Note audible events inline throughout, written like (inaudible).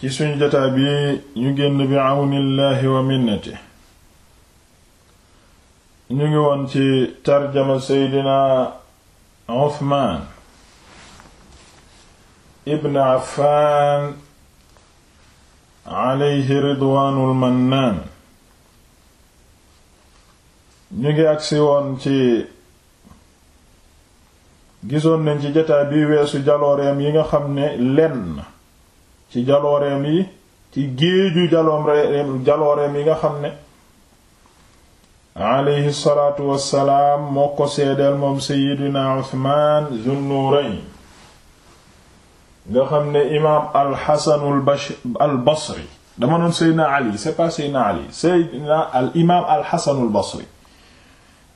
ci suñu jotaa bi ñu génn bi àwnillaahi wa minnati ñu ngi woon ci tarjama seydina Uthman ibn Affaan alayhi ridwaanul mannaan ñu ngi agsi woon ci gisoon nañ ci jotaa bi weesu jalooreem yi nga xam ne lenn ci jalooreem yi ci géeju jaloom jalooreem nga xam ne aleyhi salaatu wassalaam moo ko seedeel moom seydina Usmaan Zunnurayn nga xam ne imaam alxasanul al basri dama noon seydina Ali c'est pas Ali seydina al imaam alxasanul basri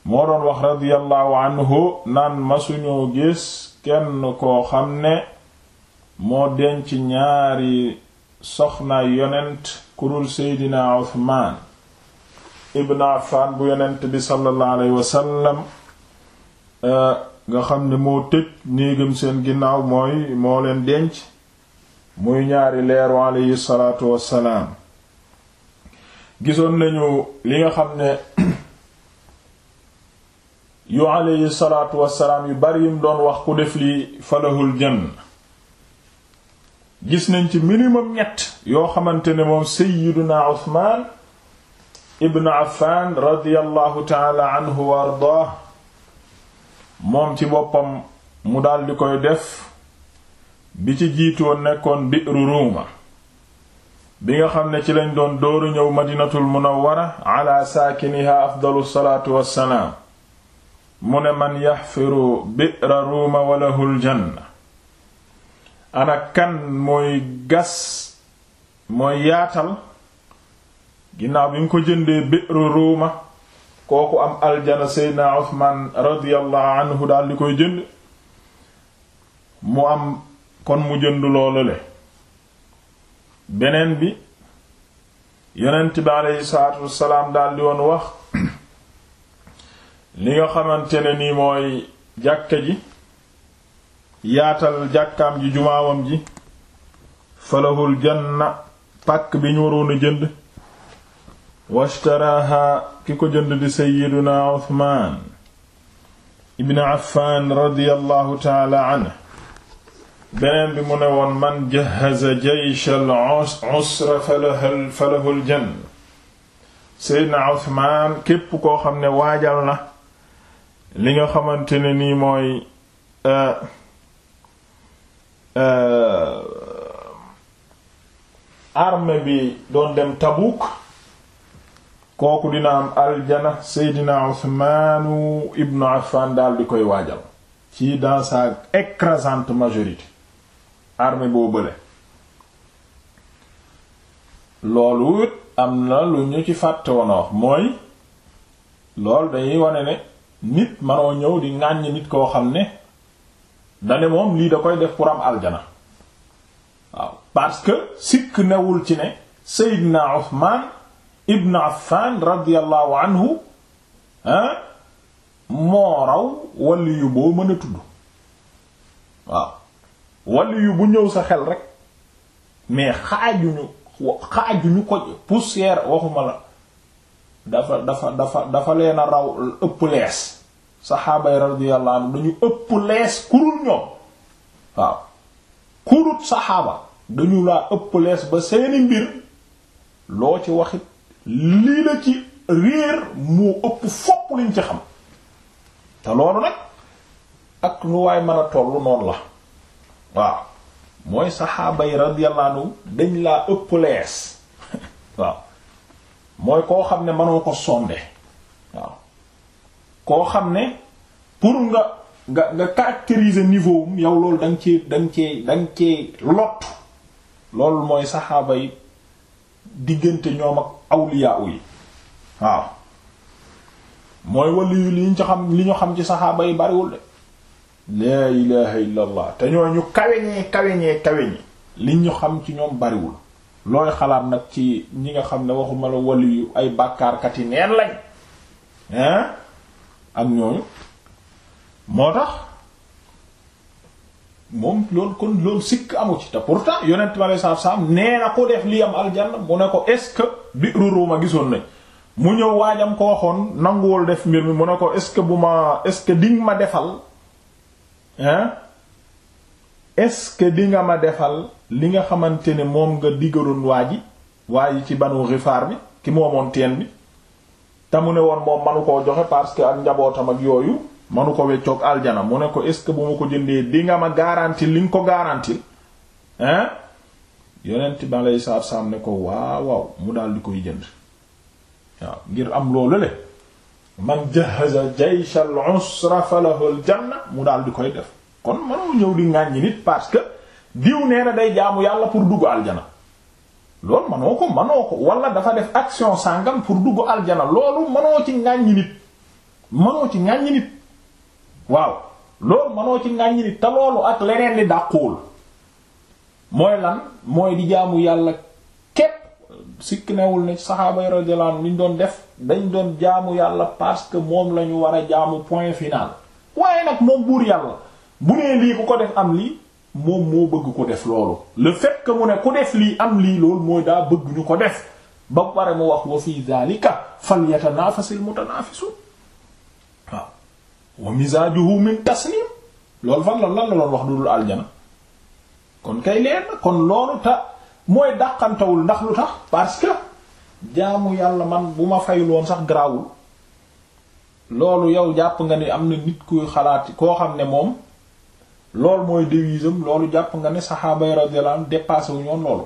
moo doon wax radiyallahu anhu naan masuñoo gis kenn koo xam ne moo denc ñaari soxna yonent kurul seydina uthman ibn affan bu yonent bi sallallahu alayhi wasallam eh, nga xam ne moo tëj néegam seen ginnaaw mooy moo leen denc muy ñaari leeru alayhi salaatu wassalaam gisoon nañu li nga xam ne yu alayhi salaatu wassalaam yu bari yim doon wax ku def li falahul janna gis nañ ci minimum ñett yoo xamante ne moom sayyiduna Usmaan ibn Affan radiyallahu taala anhu wa ardaah moom ci boppam mu daldi koy def bi ci jiitoo nekkoon Bi'ru Ruuma bi nga xam ne ci lañ doon dooru ñëw Madinatul Munawwara ala saakiniha afdalu salaatu wassalaam mu ne man yaxfiru Bi'ra Ruuma wa lahul janna ana kan mooy gas mooy yaatal ginnaaw bi nga ko jëndee bi'ru ruuma kooku am aljana seydna uthman radiyallahu anhu daal koy jënd mu am kon mu jënd loolu le beneen bi yonent bi aleyhi salaatu wassalaam daal woon wax (clears throat) li nga xamante ne nii mooy jàkka ji yaatal jàkkaam ji jumaawam ji falahul janna pàkk bi ñu waroon a jënd washtaraha ki ko jënd di sayyiduna uthman ibn affan radiyallahu taala anhu beneen bi mu ne woon man jahaza jaysh al usra falahu al janna seydna uthman képp koo xam ne waajal na li nga xamante ne nii mooy euh, Euh, armée bi doon dem Tabuk kooku dina am aljana Seydina Usmaanu ibnu Affan daal di koy waajal ci dans sa majorité armée boo bële loolu am na lu ñu ci fàtte woon a wax mooy loolu dañuy wane ne nit manoo ñëw di ŋàññ nit koo xam ne dane moom lii da koy def pour aljana waaw parce que sikk newul ci ne Seydina Uthman ibn Affan radiyallahu anhu hein moo raw waliyu boo mën a tudd waaw waliyu bu ñëw sa xel rek mais xaajuñu xaajuñu ko poussière waxuma la dafa dafa dafa dafa leen raw ëpp lees saxaaba yi radiyallahu anhu dañu ëpp lees kurul ñoom waaw kurut saxaaba dañu laa ëpp lees ba seeni mbir loo ci waxit lii la ci réer moo ëpp fopp liñ ci xam te loolu nag ak nu waay mën a tollu noon la waaw mooy saxaaba yi radiyallahu anhu dañ laa ëpp lees (laughs) waaw mooy koo xam ne mënoo ko sonde waaw koo xam ne pour nga nga nga caractériser niveau am yow loolu da nga cee ci nga cee da loolu mooy saxaaba yi diggante ñoom ak awliya yi waaw mooy waliyu li ñu ci xam li ñu xam ci saxaaba yi bariwul de laa ilaha illa allah te ñooñu kaweñee kaweñee kaweñi li ñu xam ci ñoom bariwul looy xalaat nag ci ñi nga xam ne waxuma la waliyu ay bàkkaarkat yi neen lañ hein ak ñooñu moo tax moom loolu kon loolu sikk amu ci te pourtant yonent ma lay saaf saaf nee na ko def li am aljanna mu ne ko est-ce que bi ma gisoon nañ mu ñëw waajam ko waxoon nanguwul def mbir mi mu ne ko est-ce que bu ma est-ce que dinga ma defal hein est-ce que dinga ma defal li nga xamante ne moom nga digaloon waa ji waa ji ci banu rifaar bi ki moomoon teen bi te mu ne woon moom manu koo joxe parce que ak njabootam ak yooyu manu ko weccoog aljana mu ne ko est ce que bu ma ko jëndee di nga ma garanti li nga ko garanti hein yonent bi alayhi salaatu salaam ne ko waaw waaw mu daal di koy jënd waaw ngir am loolu le man jahaza jaysh al usra janna mu daal di koy def kon mënoo ñëw di ŋàññi nit parce que diw nee na day jaamu yàlla pour dugg aljana loolu manoo ko manoo ko wala dafa def action sàngam pour dugg aljana loolu manoo ci ngàññi nit manoo ci ngàññi nit waaw loolu manoo ci ngàññi nit te loolu ak leneen li dàquwul mooy lan mooy di jaamu yàlla képp sikk newul ne saxaaba yi radiyallahu liñ doon def dañ doon jaamu yàlla parce que moom lañu war a jaamu point final waaye nag moom buur yàlla bu nee lii ku ko def am lii moom moo bëgg ko def loolu le fait mu ne ku def lii am lii loolu mooy daa bëgg ñu ko def ba pare mu wax wa fi dhalika falyatanafasil mutanafisun waaw wa mizajuhu min tasnim lool fan la lan la doon wax dudul aljana kon kay leer na kon loolu ta mooy dàqantawul ndax lu tax parce que jaamu yàlla man bu ma fayul woon sax garaawul loolu yow jàpp nga ni am na nit kuy xalaat koo xam ne moom loolu mooy devise loolu jàpp nga ne saxaaba yi radiyallahu anhum dépassé wu ñoon loolu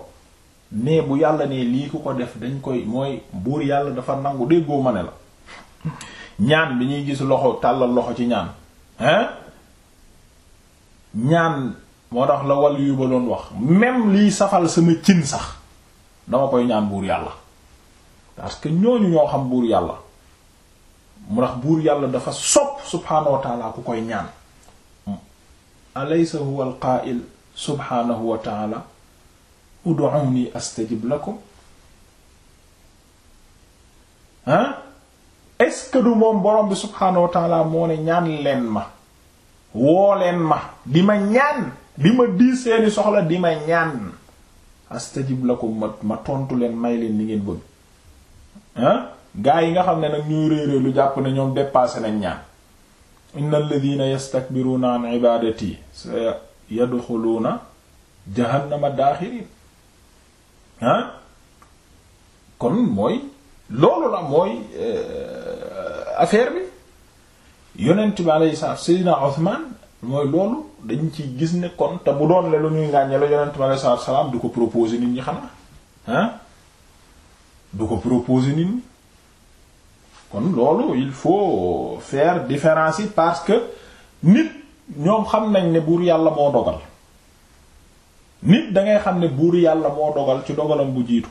mais bu yàlla ne lii ku ko def dañ koy mooy buur yàlla dafa nangu déggoo ma ne la ñaan bi ñuy gis loxo tàllal loxo ci ñaan hein ñaan moo tax la wàll yu ba doon wax même liy safal sama cin sax dama koy ñaan buur yàlla parce que ñooñu ñoo xam buur yàlla mu tax buur yàlla dafa sopp subhaanahu wa ku koy ñaan alaysa huwa alqaa'il subhaanahu wa ta'ala ud'uuni astajib lakum ah est-ce que du moom borom bi subhaanahu wa ta'ala moo ne ñaan leen ma woo leen ma di ma ñaan di ma dii seeni soxla di ma ñaan astajib ko ma ma tontu leen may leen li ngeen bëgg ah gaa yi nga xam ne nag ñuy réeréer lu jàpp ne ñoom dépassé nañ ñaan inna alladina yastakbiruuna an ibaadati sa yadxuluuna jahannama daaxiriin kon mooy loolu la mooy euh, affaire bi yonent bi alayhi salaam sayyidina Usmaan mooy loolu dañ ci gis ne te bu doon le lu ñuy ngàññe la du ko proposer nit ñi xanaa ah du ko proposer nit ñi kon loolu il faut faire différence yi parce que nit ñoom xam nañ ne buur yàlla moo dogal nit dangay xam ne buur yàlla moo dogal ci dogalam bu jiitu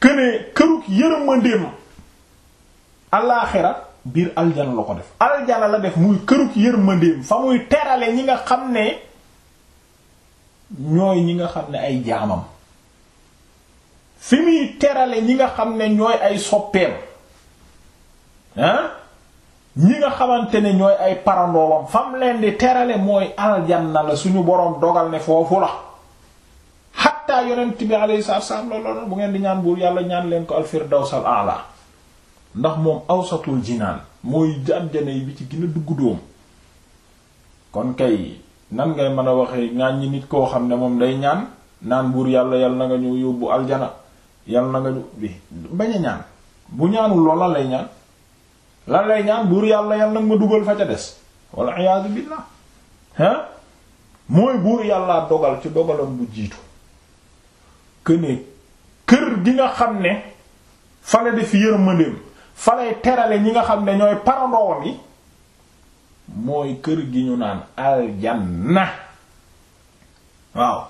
kënee kërug yërëmandeem alaaxira biir aljana la ko def aljana la def muy kërug yërmandeem fa muy terale ñi nga xam ne ñooy ñi nga xam ne ay jaamam fi muy terale ñi nga xam ne ñooy ay soppeem ñi nga xamante ne ñooy ay parandoowam fam leen di terale mooy aljanna la suñu boroom dogal ne foofu la xatta yonent bi alayhi salaam loolu bu ngeen di ñaan buur yàlla ñaan leen ko alfirdawsal a'la ndax moom awsatul jinaan mooy aljanna yi bi ci gën a dugg dóom kon kay nan ngay mën a waxee ñaan ñi nit koo xam ne moom day ñaan naan buur yàlla yàlla na nga ñu yóbbu aljana yàlla na nga ñu bi ñaan bu ñaanul loola lay ñaan lan lay ñaan buur yàlla yàlla nag ma dugal fa ca des walla iyaatu billaah hein mooy buur yàlla dogal ci dogalam bu jiitu këne kër gi nga xam ne fa la def yërmandeem fa lay terale ñi nga xam ne ñooy parandoom yi mooy kër gi ñu naan aljanna waaw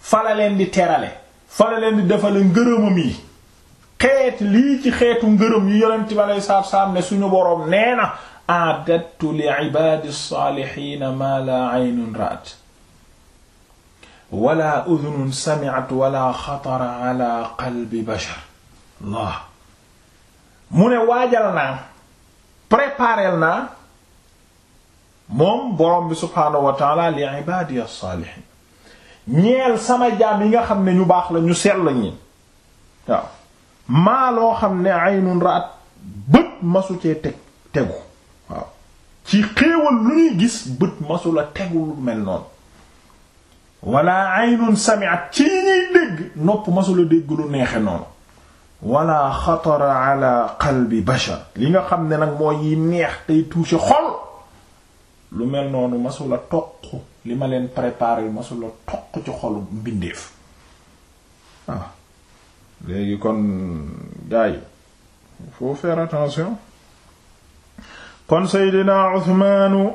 fa leen di terale fa leen di defale ngërëmam yi xeet lii ci xeetu ngërëm yu yonent bi alei saatu salaam ne suñu boroom nee na a'dattu li ibadi salihin ma la aynun ra'at wala udhunun sami'at wala xatara ala qalbi bashar Allah mu ne waajal naa prépareel naa moom borom bi subhaanahu sama jaam yi nga xam ne ñu baax la ñu sell ñi maa loo xam ne aynun ra'at bët masu cee teg tegu waaw ci xéewal lu ñuy gis bët masu la tegu lu mel noonu wala aynun sami'at ci ñuy dégg nopp masu la dégg lu neexe noonu wala xatara ala qalbi bashar li nga xam ne nag mooy yi neex tey touché xol lu mel noonu masu la toq li ma leen préparé masu la toq ci xolu mbindeef waaw léegi kon gars yi il attention kon seydina Usmaanu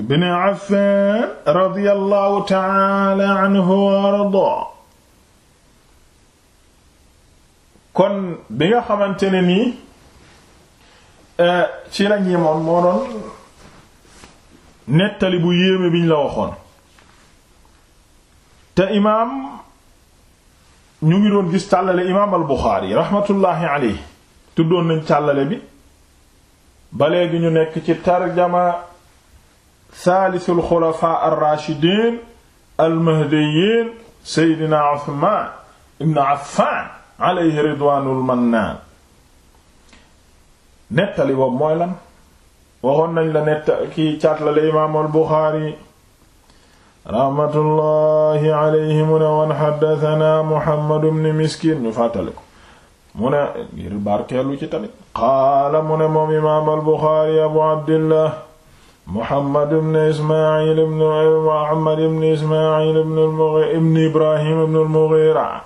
ibn Affaan radiyallahu ta'ala anhu wa ardaa kon bi nga xamante ne ni euh, ci lañ yemoon moo doon nettali bu yéeme biñ la waxoon te imaam ñu ngi doon gis càllale imaam al Buxaari raxmatullaahi alayhi tuddoon nañ càllale bi ba léegi ñu nekk ci tarjama saalisul xulafaa ar-raashidiin al-mahdiyyiin seydina Usmaan ibn Affaan alayhi ridwaanul mannaan nettali boobu mooy lan waxoon nañ la nett ki imaam al raxmatullahi alayhi mu ne woon xaddatanaa muhammadu bnu miskiin ñu fàttale ko mu ne ngir barkeelu ci tamit qaala mu ne moom imaam albuxaari abu abdillah muhammadu bnu ismail bnu muhammad bnu ismail bnu ibrahim bnu almughira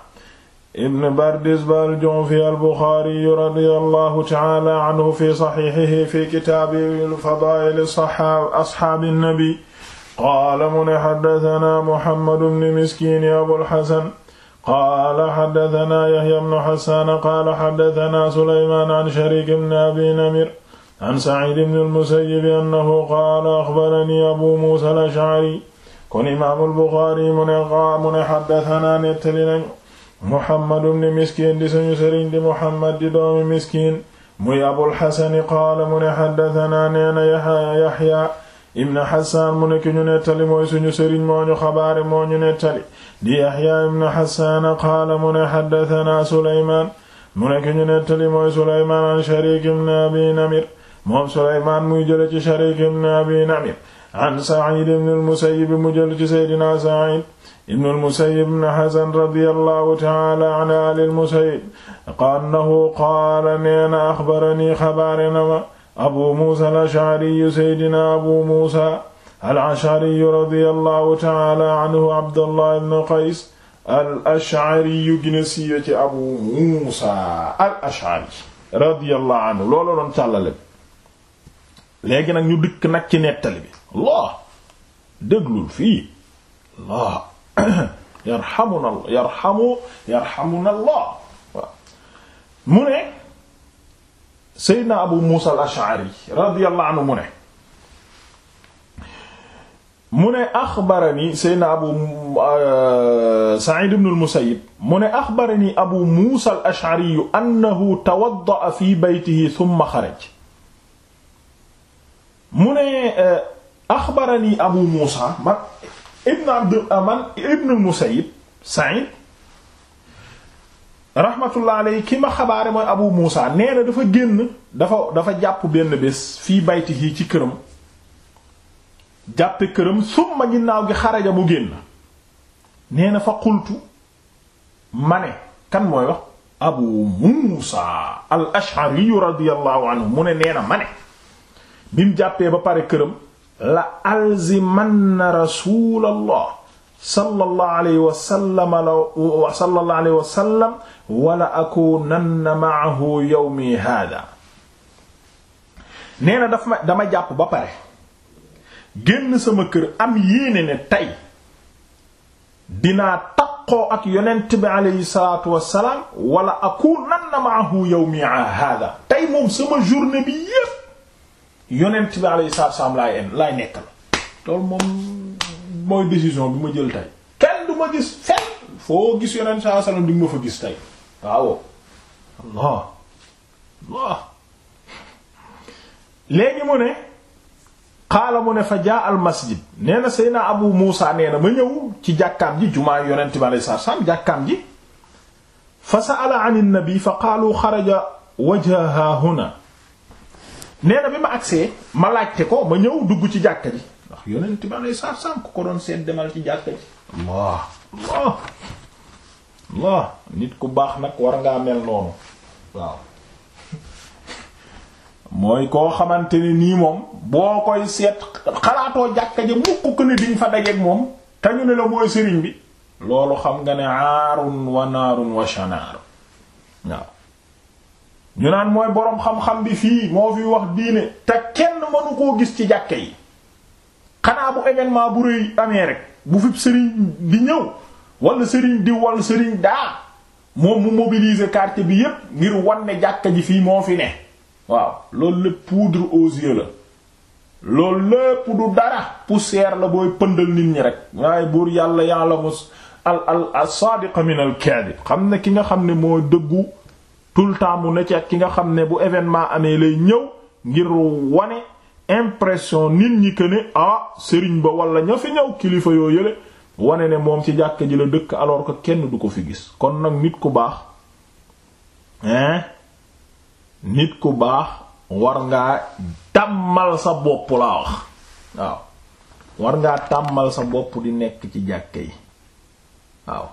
ibn bardisba aljufi albuxaari radiyallahu taala anhu fi saxiixihi fi kitaabi fadaa'il asxaabi nabi qaala mu ne xaddatanaa mohammadu bni miskiini abulxasan qaala xaddatanaa yaxya bnu xasaana qaala xaddatanaa suleymaan an sharik bni abi namir an saciid bni almusayibi annahu qaala axbarani abu muusa al-ashcari kon imaamul buxaari mu ne qaa mu ne xaddatanaa nettali nañu mohammadu bni miskiin di suñu sëriñ di mohammad di doomi miskiin muy abulxasani qaala mu ne xaddatanaa neena yaxya ibn Hassan mu nekk ñu nettali mooy suñu sëriñ moo ñu xabaare moo ñu nettali di Yahya ibn Hassan qaala mu ne haddathana Sulaymaan mu nekk ñu nettali mooy Sulaymaan an Sharik ibn Abi Namir moom Sulaymaan muy jële ci Sharik ibn Abi Namir an Sa'id ibn al-Musayyib mu jële ci Seydina Sa'id ibn al-Musayyib ibn Hazn radiyallahu ta'ala an al-Musayyib qaala annahu qaala neena axbarani xabaare na ma abu muusa al-ashariyu seydina abu muusa al-ashariyu radiyallahu taala anhu abdallah ibn qays al-ashariyu gina siiwe ci abu muusa al-ashari radiyallahu anhu loolu doon càllale bi léegi nag ñu dikk nag ci nettali bi allah déglul fii allah (coughs) yarhamuna yarhamu yarhamuna allah mu ne seydna abu muusa al ash'ari radiyallahu anhu mu ne mu ne axbarani seydna abu euh, sa'id ibn al musayyib mu ne axbarani abu muusa al ash'ari annahu tawadda'a fi baytihi thumma xaraj mu ne euh, axbarani abu muusa man ibn abd man ibn al musayyib sa'id rahmatullah alayhi ki ma xabaare mooy Abu Muusa nee na dafa génn dafa dafa jàpp benn bés fii bayti yi ci këram jàppe këram summa ginnaaw gi xaraja mu génn nee na fa qultu ma ne kan mooy wax Abu Muusa al Ash'ari radiyallahu anhu mu ne nee na ma ne bi mu jàppee ba pare këram la alzimanna rasulallah sallallahu alayhi wa sallam wa sallallahu alayhi wa sallam wala akuunanna ma'ahu yawmi hada nee dama jàpp ba pare génn sama kër am yéene ne tey dinaa taqoo ak yonent bi alayhi salaatu wassalaam wala akuunanna ma'ahu yawmi hada tey moom sama journée bi yépp yonent bi alayhi salaatu wassalaam laay nekk moom mooy décision bi ma jël tey kenn du ma gis fenn foo gis yonent sallallahu alayhi wasallam ma fa gis tey waaw léegi mu ne xaala mu ne fa jaa al masjid nee na seyna abu muusa nee ma ñëw ci jàkkaam ji jumaa yonent bi alayhi salaatu salaam jàkkaam ji fa sa'ala an nabi fa qaalu xaraja wajha huna nee bi ma agsee ma laajte ko ma ñëw dugg ci jàkka ji ndax yonent ma lay saar saam ku ko doon seet demal ci jàkka ji Allah Allah nit ku baax nag war ngaa mel noonu waaw mooy koo xamante ne nii moom boo koy seet xalaatoo jàkka ji mukk ko ne diñ fa dajeek moom te ñu ne la mooy sëriñ bi loolu xam nga ne aarun wa naarun wa shanaar waaw ñu naan mooy boroom xam-xam bi fii moo fi wax diine te kenn mënu koo gis ci jàkke yi xanaa bu événement bu rëy amee rek bu fi sëriñ di ñëw walla sëriñ di wala sëriñ daa moom mu mobiliser quartier bi yépp ngir wan ne jàkka ji fii moo fi ne waaw loolu lépp loolu lépp du dara poussière la booy pëndal nit ñi rek waaye buur yàlla yàlla mos al al al sadiq min al kadib xam ne ki nga xam ne moo dëggu tout le temps mu ne ci ki nga xam ne bu événement amee lay ñëw ngir wane impression nit ñi que ne ah sëriñ ba wala ña fi ñëw kilifa yoo yële wane ne moom ci jàkka ji la dëkk alors que kenn du ko fi gis kon nag nit ku baax hein nit ku baax war ngaa tàmmal sa bopp laa wax waaw di nekk ci jàkka yi waaw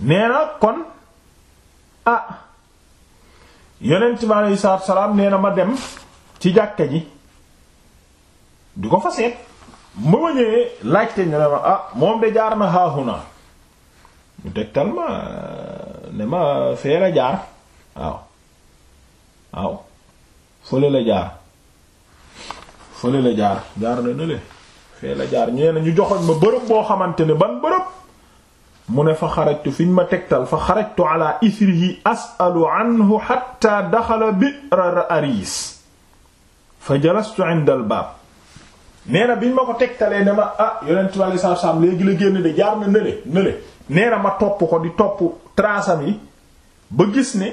nee na kon ah yeneen bi aleyhi salaatu salaam nee na ma dem ci jàkka ji di ko fa seet ma ñëwee laajte ñu ne ma ah moom de jaar na haahuna ñu tegtal ma ne ma fee la jaar waaw waaw fële la jaar fële la jaar jaar na nële fee la jaar ñee na ñu joxoñ ma bërëb boo xamante ne ban bërëb mu ne fa xarajtu fiñ ma tegtal fa xarajtu ala isrihi as'alu anhu hatta daxala bi'r aris fa jalastu 'inda al baab nee na bi ñu ma ko tegtalee ne ma ah yonent bi sallallahu léegi la génn de jaar na nële nële nee ma topp ko di topp trasam yi ba gis ne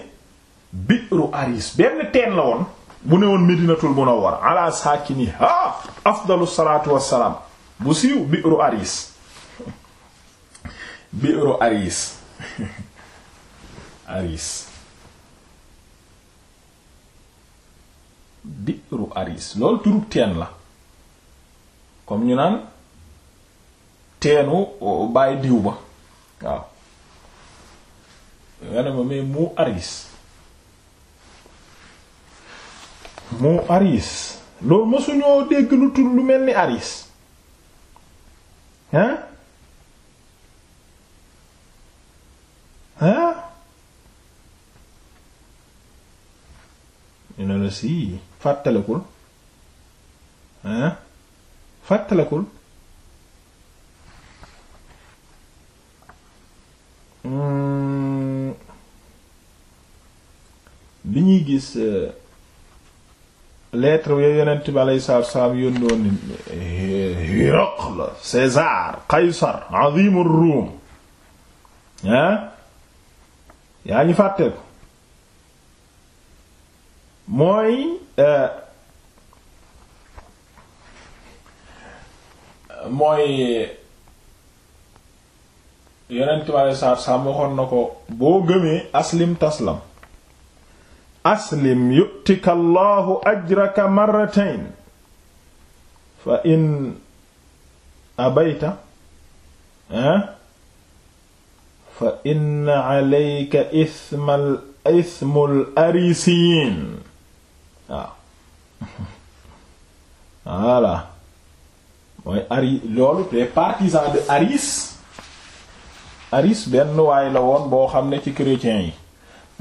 bi'ru aris benn teen la woon bu ne woon Medinatul Munawwara ala saakiniha afdalu salaatu wassalaam bu siiw bi'ru aris biiru aris (laughs) aris biiru aris loolu turub teen la comme ñu naan teenu euh, bàyyi diw ba waaw nga ma mais mu aris mu aris loolu ma suñoo dégg lu tur lu mel ni aris hein ah ñu ne la sii fàttalekul ah fàttalekul bi mm. ñuy gis eh, lettre yooyu yonent bi alayhi salaatu wassalaam yónnoon eh, Hiraql César Qaysar azimur Rum ah yaa ngi fàtte ko mooy e, mooy yonent bi alei saatu salaam na ko boo gëmee aslim taslam aslim yu'tika allahu ajraka marratayn fa in abayta hein ah, fa inna alayka ismal ismul arisiin waaw (laughs) voilà mooy ari loolu te partisan de aris aris benn waay la woon boo xam ne ci chrétiens yi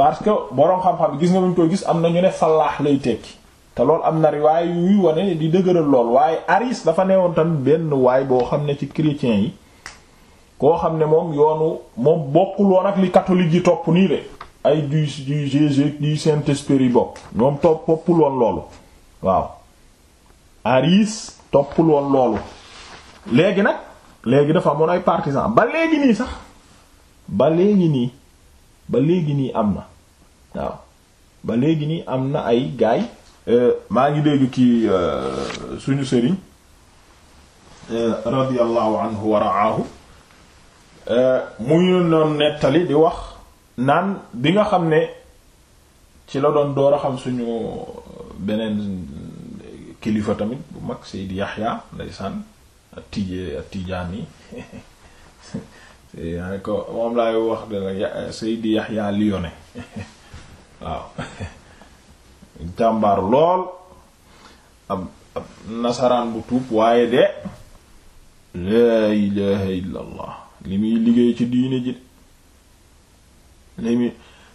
parce que boroom xam-xam gis nga muñ koy gis am na ñu ne fallaax lay tekki te loolu am na riwaay yuy wone di dëgëral lool waaye aris dafa newoon tamit benn waay boo xam ne ci chrétiens yi koo xam ne moom yoonu moom bokkul woon ak li catholique yi topp nii de ay du du Jésus du Saint-Esprit bokk moom topp toppul woon loolu waaw Aris toppul woon loolu léegi nag léegi dafa amoon ay partisan ba léegi nii sax ba léegi nii ba léegi nii am na waaw ba léegi nii am na ay gaay euh, maa ngi dégg kii euh, suñu sëriñ euh, radiyallahu anhu wa ra'ahu Euh, mu ñu noon nettali di wax naan bi nga xam ne ci la doon door a xam suñu beneen kilifa tamit bu mag Seydi Yaxya ndeysaan ak tijee ak tijaan yi (laughs) yaa ngi ko moom laay wax dana Seydi Yaxya Lyonnais (laughs) waaw (laughs) jàmbaar lool ab ab nasaraan bu tuub waaye de laa ilaaha illallah li muy liggéey ci diine ji li muy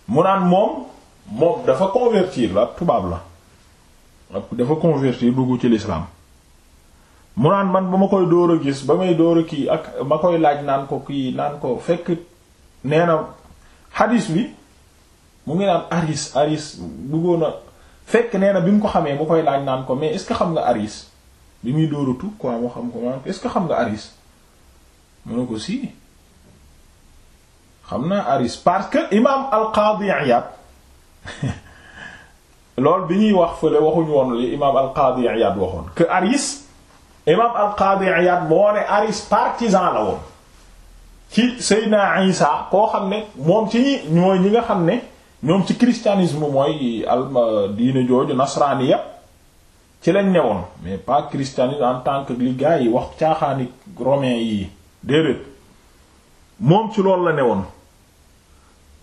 mu naan moom moom dafa convertir la tubaab la dafa convertir dugg ci l'islam mu naan man ba ma koy dóor a gis ba may dóor a kii ak ma koy laaj naan ko kii naan ko fekk nee na xadis bi mu ngi naan aris aris bëggoon a fekk nee na bi mu ko xamee mu koy laaj naan ko mais est-ce xam nga aris bi muy dóoratu quoi moo xam ko maanaam est-ce que xam nga aris mu ne ko si xam naa aris parce que imaam al-Qadi Iyad (laughs) loolu bi ñuy wax fële waxuñu woon li imaam al-Qadi Iyad waxoon que aris imaam al-Qadi Iyad moo ne aris partisan la woon ci Seydina Isa koo xam ne moom ci ñi mooy ñi nga xam ne ñoom ci christianisme mooy al euh, diine jooju nasraani ci lañ newoon mais pas christianisme en tant li gars yi wax caaxaani romain yii déedéet moom ci loolu la ne woon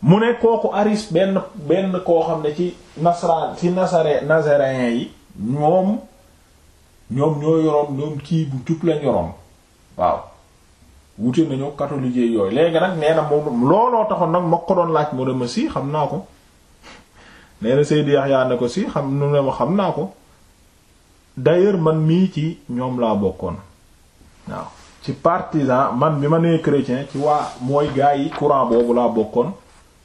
mu ne kooku aris benn benn koo xam ne ci nasaraan ci nasare nazaréen yi ñoom ñoom ñoo yoroom ñoom kii bu jub lañ yoroom waaw wute nañoo catholique yooyu léegi nag nee na moom looloo taxoon nag ma ko doon laaj mu ne ma si xam naa ko (laughs) nee na Seydi Yahya ne ko si xam nu ne ma xam naa ko d'ailleurs man mii ci ñoom laa bokkoon waaw ci partisan man bi ma nee chrétien ci waa mooy gaa yi courant boobu laa bokkoon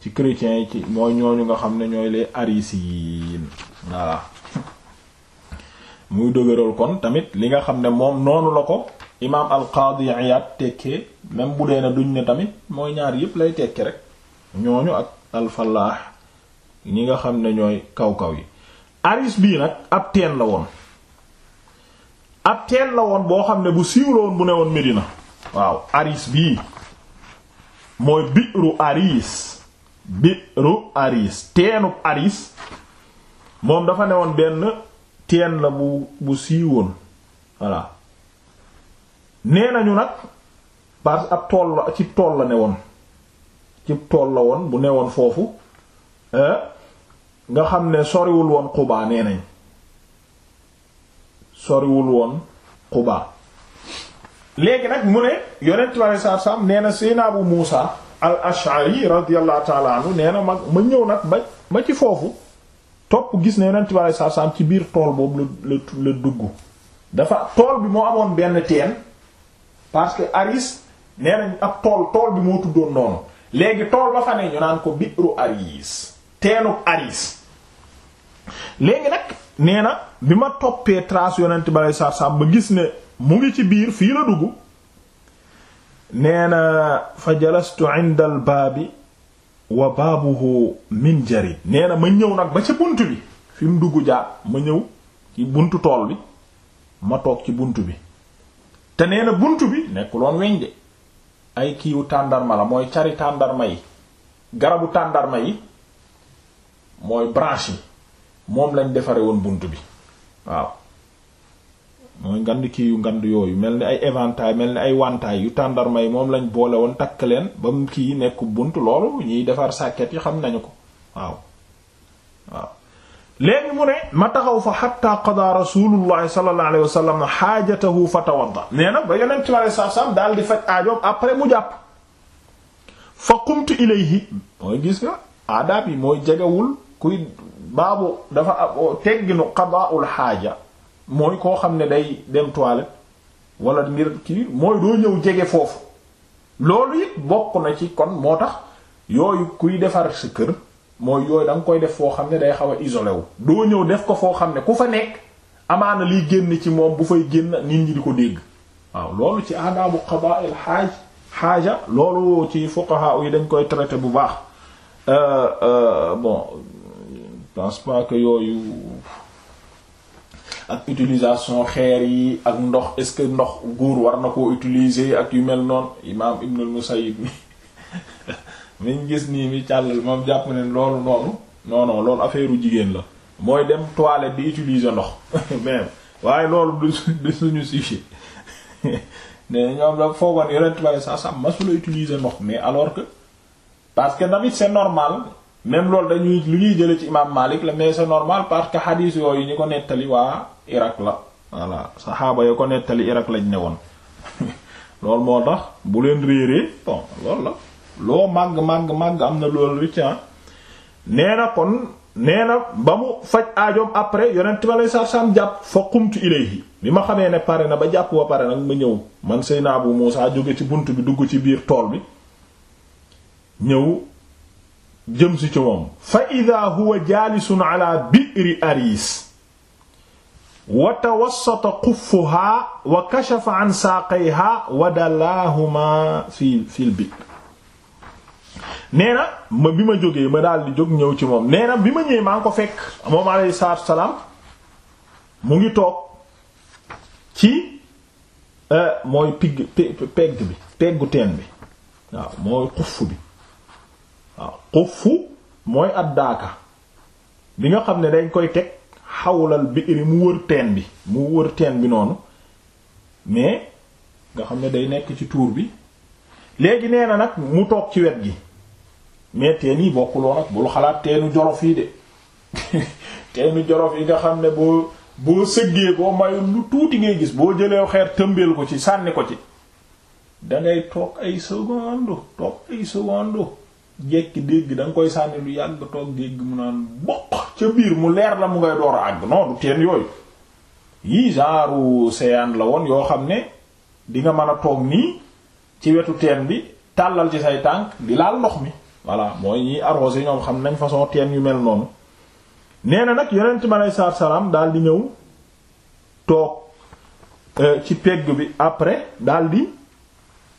ci chrétien yi ci mooy ñooñu nga xam ne ñooy les arisin voilà muy dëgëral kon tamit li nga xam ne moom noonu la ko imaam al-Qadi Iyad tekkee même bu dee na duñ ne tamit mooy ñaar yëpp lay tekke rek ñooñu ak al-Fallah ñi nga xam ne ñooy kaw kaw yi aris bii nag ab teen la woon ab teen la woon boo xam ne bu siiw la woon bu ne woon Medina waaw Aris bii mooy biiru Aris biiru Aris teenub Aris moom dafa ne woon benn teen la bu bu siiwoon voilà nee nañu nag parce que ab tool la ci tool la ne woon ci tool la woon bu ne woon foofu eh? nga xam ne soriwul woon Quba nee nañ soriwul woon Quba léegi nag mu ne yonent bi alei satu salaam nee na seyna Abu Muusa al Ash'ari radiyallahu ta'ala nee na mag ma ñëw nag ba ba ci foofu topp gis ne yonent bi alei satu salaam ci biir tool boobu la la la dafa tool bi moo amoon benn teen parce que Aris nee nañ ab tool tool bi moo tuddoon noonu léegi tool ba fa ñu naan ko biiru Aris teenub Aris léegi nag nee na bi ma toppee trace yonent bi alei satu ba gis ne mu ngi ci biir fii la dugg nee na fa jalastu inda al baabi wa ma ñëw nag ba ci bunt bi fi mu dugg jaar ma ñëw ci buntu tool bi ma toog ci bunt bi te nee bunt bi nekkuloon weñ de ay kiiwu tàndarma la mooy cari tàndarma yi garabu tàndarma yi mooy branche yi moom lañ defare woon bunt bi waaw mooy ngand kii yu ngand yooyu mel ni ay éventail mel ni ay wantaay yu tàndarma yi moom lañ boole woon takk leen ba mu kii nekk bunt loolu ñuy defar sàkket yi xam nañu ko waaw waaw mu ne ma taxaw fa xatta qada rasulullahi sallallahu alayhi wa sallam xaajatahu fa tawadda nee na ba yonent bi alayhi salaam daal di faj aajoom après mu jàpp fa qumtu ilayhi mooy gis na aadaab yi mooy jegewul kuy baabu dafa tegginu qadaa'ul xaaja mooy koo xam ne day dem toilette wala ngir kii mooy doo ñëw jege foofu loolu it bokk na ci kon moo tax yooyu kuy defar sa kër mooy yooyu danga koy def foo xam ne day xaw a isolé wu doo ñëw def ko foo xam ne ku fa nekk amaana liy génn ci moom bu fay génn nit ñi di ko dégg waaw loolu ci aadaabu qadaa'il xaaj xaaja loolu ci fuqaha yi dañ koy traité bu baax euh, euh, bon pense pas que yooyu ak utilisation xeer yi ak ndox est-ce que ndox góor war na ko utiliser ak yu mel noonu imaam Ibn al-Musayyib mi (laughs) miñ gis nii mi càllal moom jàpp ne loolu noonu non non loolu affaire jigéen la mooy dem toilette di utiliser ndox (laughs) même waaye loolu du suñu sujet (laughs) ne ñoom la foogoon yonent bale sa sam masula utiliser ndox mais alors que parce que tamit c'est normal même loolu dañuy lu ñuy jële ci imaam Malik la mais c'est normal parce que xadiis yooyu ñu ko nettali waa Irak la voilà saxaaba yo ko nettali Irak lañ ne woon (laughs) loolu moo tax bu leen réeree bon la loo màgg màgg màgg am na lool riccan ah. nee kon nee na ba mu faj aajoom après yonent ma lay sarsam jàpp fa qumtu ilayhi bi ma xamee ne pare na ba jàpp ba pare nag ma ñëw man Seydina Abu Muusa jóge ci bunt bi dugg ci biir tool bi ñëw jëm si ci moom fa ida huwa jaalisun ala bi'ri aris wa tawassata quffuhaa wa kashafa an saaqayhaa wa dalaahumaa fi fil bi'r nee ma bi ma jógee ma daal jóg ñëw ci moom nee bi ma ñëw maa ngi ko fekk moom alayhi salaatu salaam mu ngi toog ci euh, mooy pegg bi peggu teen bi mooy xuff bi xuffu mooy at daaka bi nga xam ne dañ koy teg xawlal biir mu wër teen bi mu wër teen bi noonu mais nga xam ne day nekk ci tuur bi léegi nee na nag mu toog ci wet gi mais teen yi bokkuloo nag bul xalaat teenu jorof yi de (laughs) teenu jorof yi nga xam ne boo boo sëggee boo mayoon lu tuuti ngay gis boo jëlee xeer tëmbeel ko ci sànni ko ci dangay toog ay seconde toog ay seconde jekki dégg da nga koy sànni lu yàgg toog dégg mu naan bokk ca biir mu leer la mu ngay door a àgg non du teen yooyu yii genre séyaan la woon yoo xam ne di nga mën a toog nii ci wetu teen bi tàllal ci say tànk di laal ndox mi voilà mooy ñiy arrosé ñoom xam nañ façon teen yu mel noonu nee na nag yonent ma aleyhi salaatu salaam daal di ñëw toog euh, ci pegg bi après daal di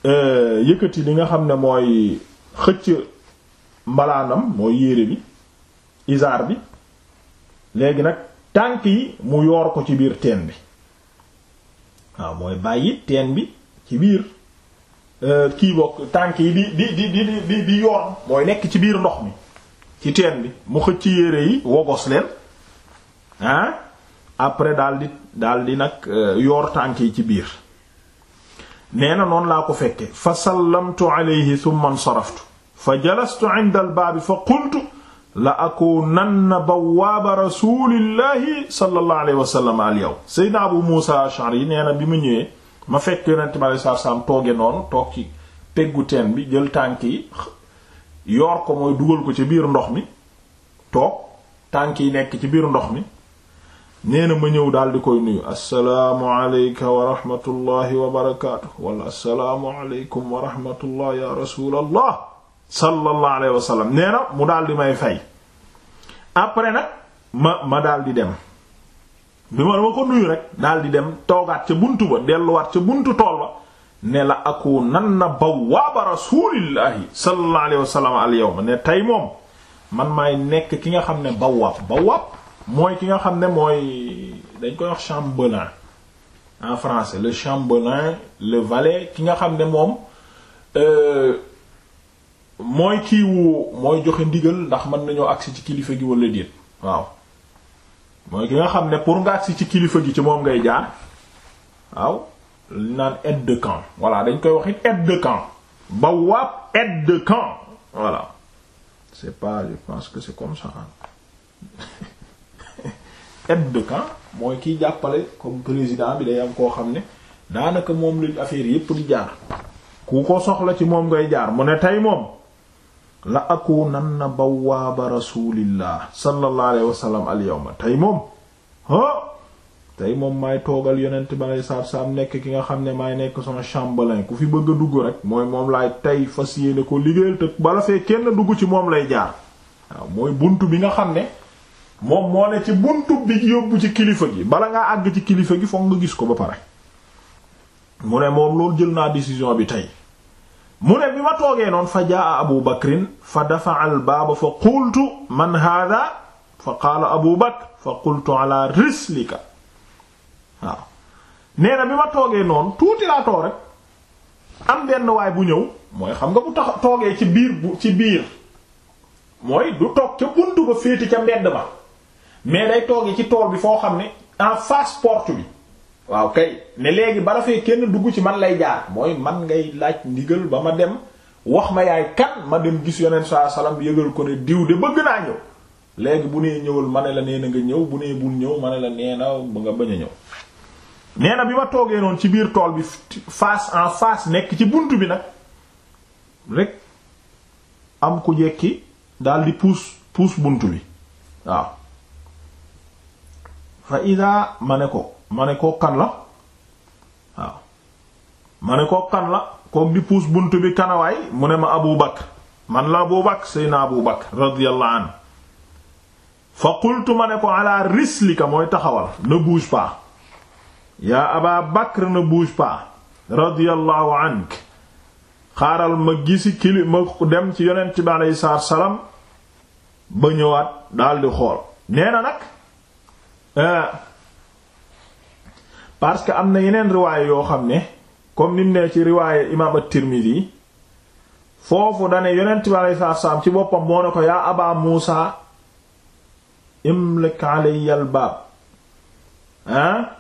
euh, yëkkati li nga xam ne mooy xëcc mbalaanam mooy yére bi isaar bi léegi nag tànk yi mu yoor ko ci biir teen bi waaw mooy bàyyi teen bi ci biir euh, kii bokk tànk yi bi di di di di yoor mooy nekk ci biir ndox mi ci teen bi mu xëcc yére yi wogos leen ah après daldi daldi nag euh, yoor tànk yi ci biir nee na noonu laa ko fekke fa sallamtu alayhi thumma saraftu fa jalastu inda albaabi fa qultu la akuunanna bawaaba rasulillahi sallallahu alayhi wa sallam al yawm sayyidina abu muusa ash'ari nee bi mu ñëwee ma fekk yonent mi alayhi salaatu salaam tooge noonu toog ci peggu teen bi jël tànk yi yoor ko mooy dugal ko ci biir ndox mi toog tànk yi nekk ci biir ndox mi nee na ma ñëw daal di koy nuyu assalaamu aleyka wa rahmatullahi wa aleykum wa ya rasul allah sallallahu alayhi wa sallam nee na mu daal di may fay après nag ma ma daal di dem bi ma ma ko nuyu rek daal di dem toogaat ca buntu ba delluwaat ca buntu tool ba ne la aku nan na bawaaba rasulillahi sallallahu alayhi wa ne tey moom man maay nekk ki nga xam ne bawaab bawaab mooy ki nga xam ne mooy dañ koy wax chambellan en français le chambellan le valet ki nga xam ne moom. Euh, mooy kiiwu mooy joxe ndigal ndax mën nañoo agsi ci kilifa gi wala déet waaw mooy ki nga xam ne pour nga agsi ci kilifa gi ci moom ngay jaar waaw li naan ed de camp voilà dañ koy wax it aide de camp ba waab aide de camp voilà c'est pas je pense que c'est comme ça (laughs) aide de camp mooy kiy jàppale comme président bi day am koo xam ne daanaka moom li affaire yépp di jaar ku ko soxla ci moom ngay jaar mu ne tey moom la na ba akuunanna ba rasulillah sallallahu alayhi wasallam al yawma tey moom ah tey moom maay toogal yonent ba lay saab saab nekk ki nga xam ne maay nekk sama chambellan ku fi bëgg a dugg rek mooy moom lay tey fas yéene ko liggéeyal te bala fee kenn dugg ci moom lay jaar waaw mooy bunt bi nga xam ne moom moo ne ci bunt bi yóbbu ci kilifa gi bala ngaa àgg ci kilifa gi foog nga gis ko ba pare mu ne moom loolu jël naa décision bi tey mu ne bi ma toogee noonu fa jaa abu bakrin fa dafa'a al baaba fa qultu man haadaa fa qaala abu bakr fa qultu ala rislika waaw nee na bi ma toogee noonu tuuti laa too rek am benn waay bu ñëw mooy xam nga bu tax toogee ci biir bu ci biir mooy du toog ca buntu ba féeti ca mbedd ba mais day toogee ci tool bi foo xam ne en fas porte bi waaw kay ne léegi bala fee kenn dugg ci man lay jaar mooy man ngay laaj ndigal ba ma dem wax ma yaay kan ma dem gis yonent saa salaam yëgal ko ne diw de bëgg naa ñëw léegi bu nee ñëwal ma ne la nee na nga ñëw bu nee bul ñëw ma ne la nee na ba nga bañ a ñëw nee bi ma toogee noonu ci biir tool bi face en face nekk ci bunt bi nag rek am ku jekki daal di puus puus bunt bi waaw fa ma ne ko ma ne kooku kan la waaw ma ne kooku kan la kooku di puus bunt bi kanawaay mu ne ma Abu Bakr man la Abu Bakr sayna Abu Bakr radiyallahu anhu fa qultu ma ne ko ala rislika mooy taxawal ne bouge pas yaa Aba Bakr ne bouge pas radiyallahu ank xaaral ma gisi kili ma dem ci yonent bi aleyhi salaatu salaam ba ñëwaat daldi xool nee na nag eh, parce que am na yeneen riwaay yoo xam ne comme nim ne ci riwaay imaam at-Tirmidhi foofu dane yonent bi alayhi ci boppam moo ne ko yaa Aba Muusa imlik alayya al-baab ah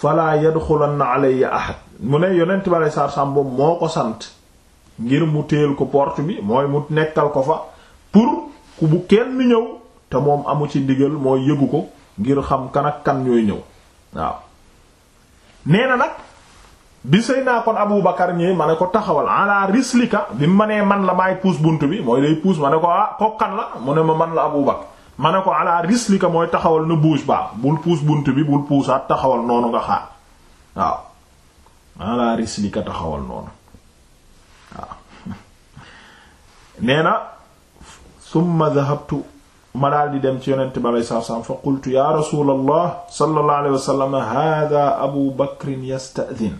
falaa yadxulanna alayya ahad mu ne yonent bi alayhi boobu moo ko sant ngir mu téel ko porte bi mooy mu nekkal ko fa pour ku bu kenn ñëw te moom amu ci ndigal mooy yëgu ko ngir xam kan ak kan ñëw nee na nag bi sëy naa kon Abu Bakar ñëwee ma ne ko taxawal ala rislika bi ma nee man la maay puus bunt bi mooy day puus ma ne ko ah kokkan la mu ne ma man la Abu Bakar ma ne ko ala rislika mooy taxawal na buus baax bul puus bunt bi bul puusaat taxawal noonu nga xaar waaw ala rislika taxawal noonu waaw (laughs) nee na summa dhahabtu ma daal di dem ci yonent bi alei sat fa qultu ya rasul allah sallallahu abu bakrin yasta'din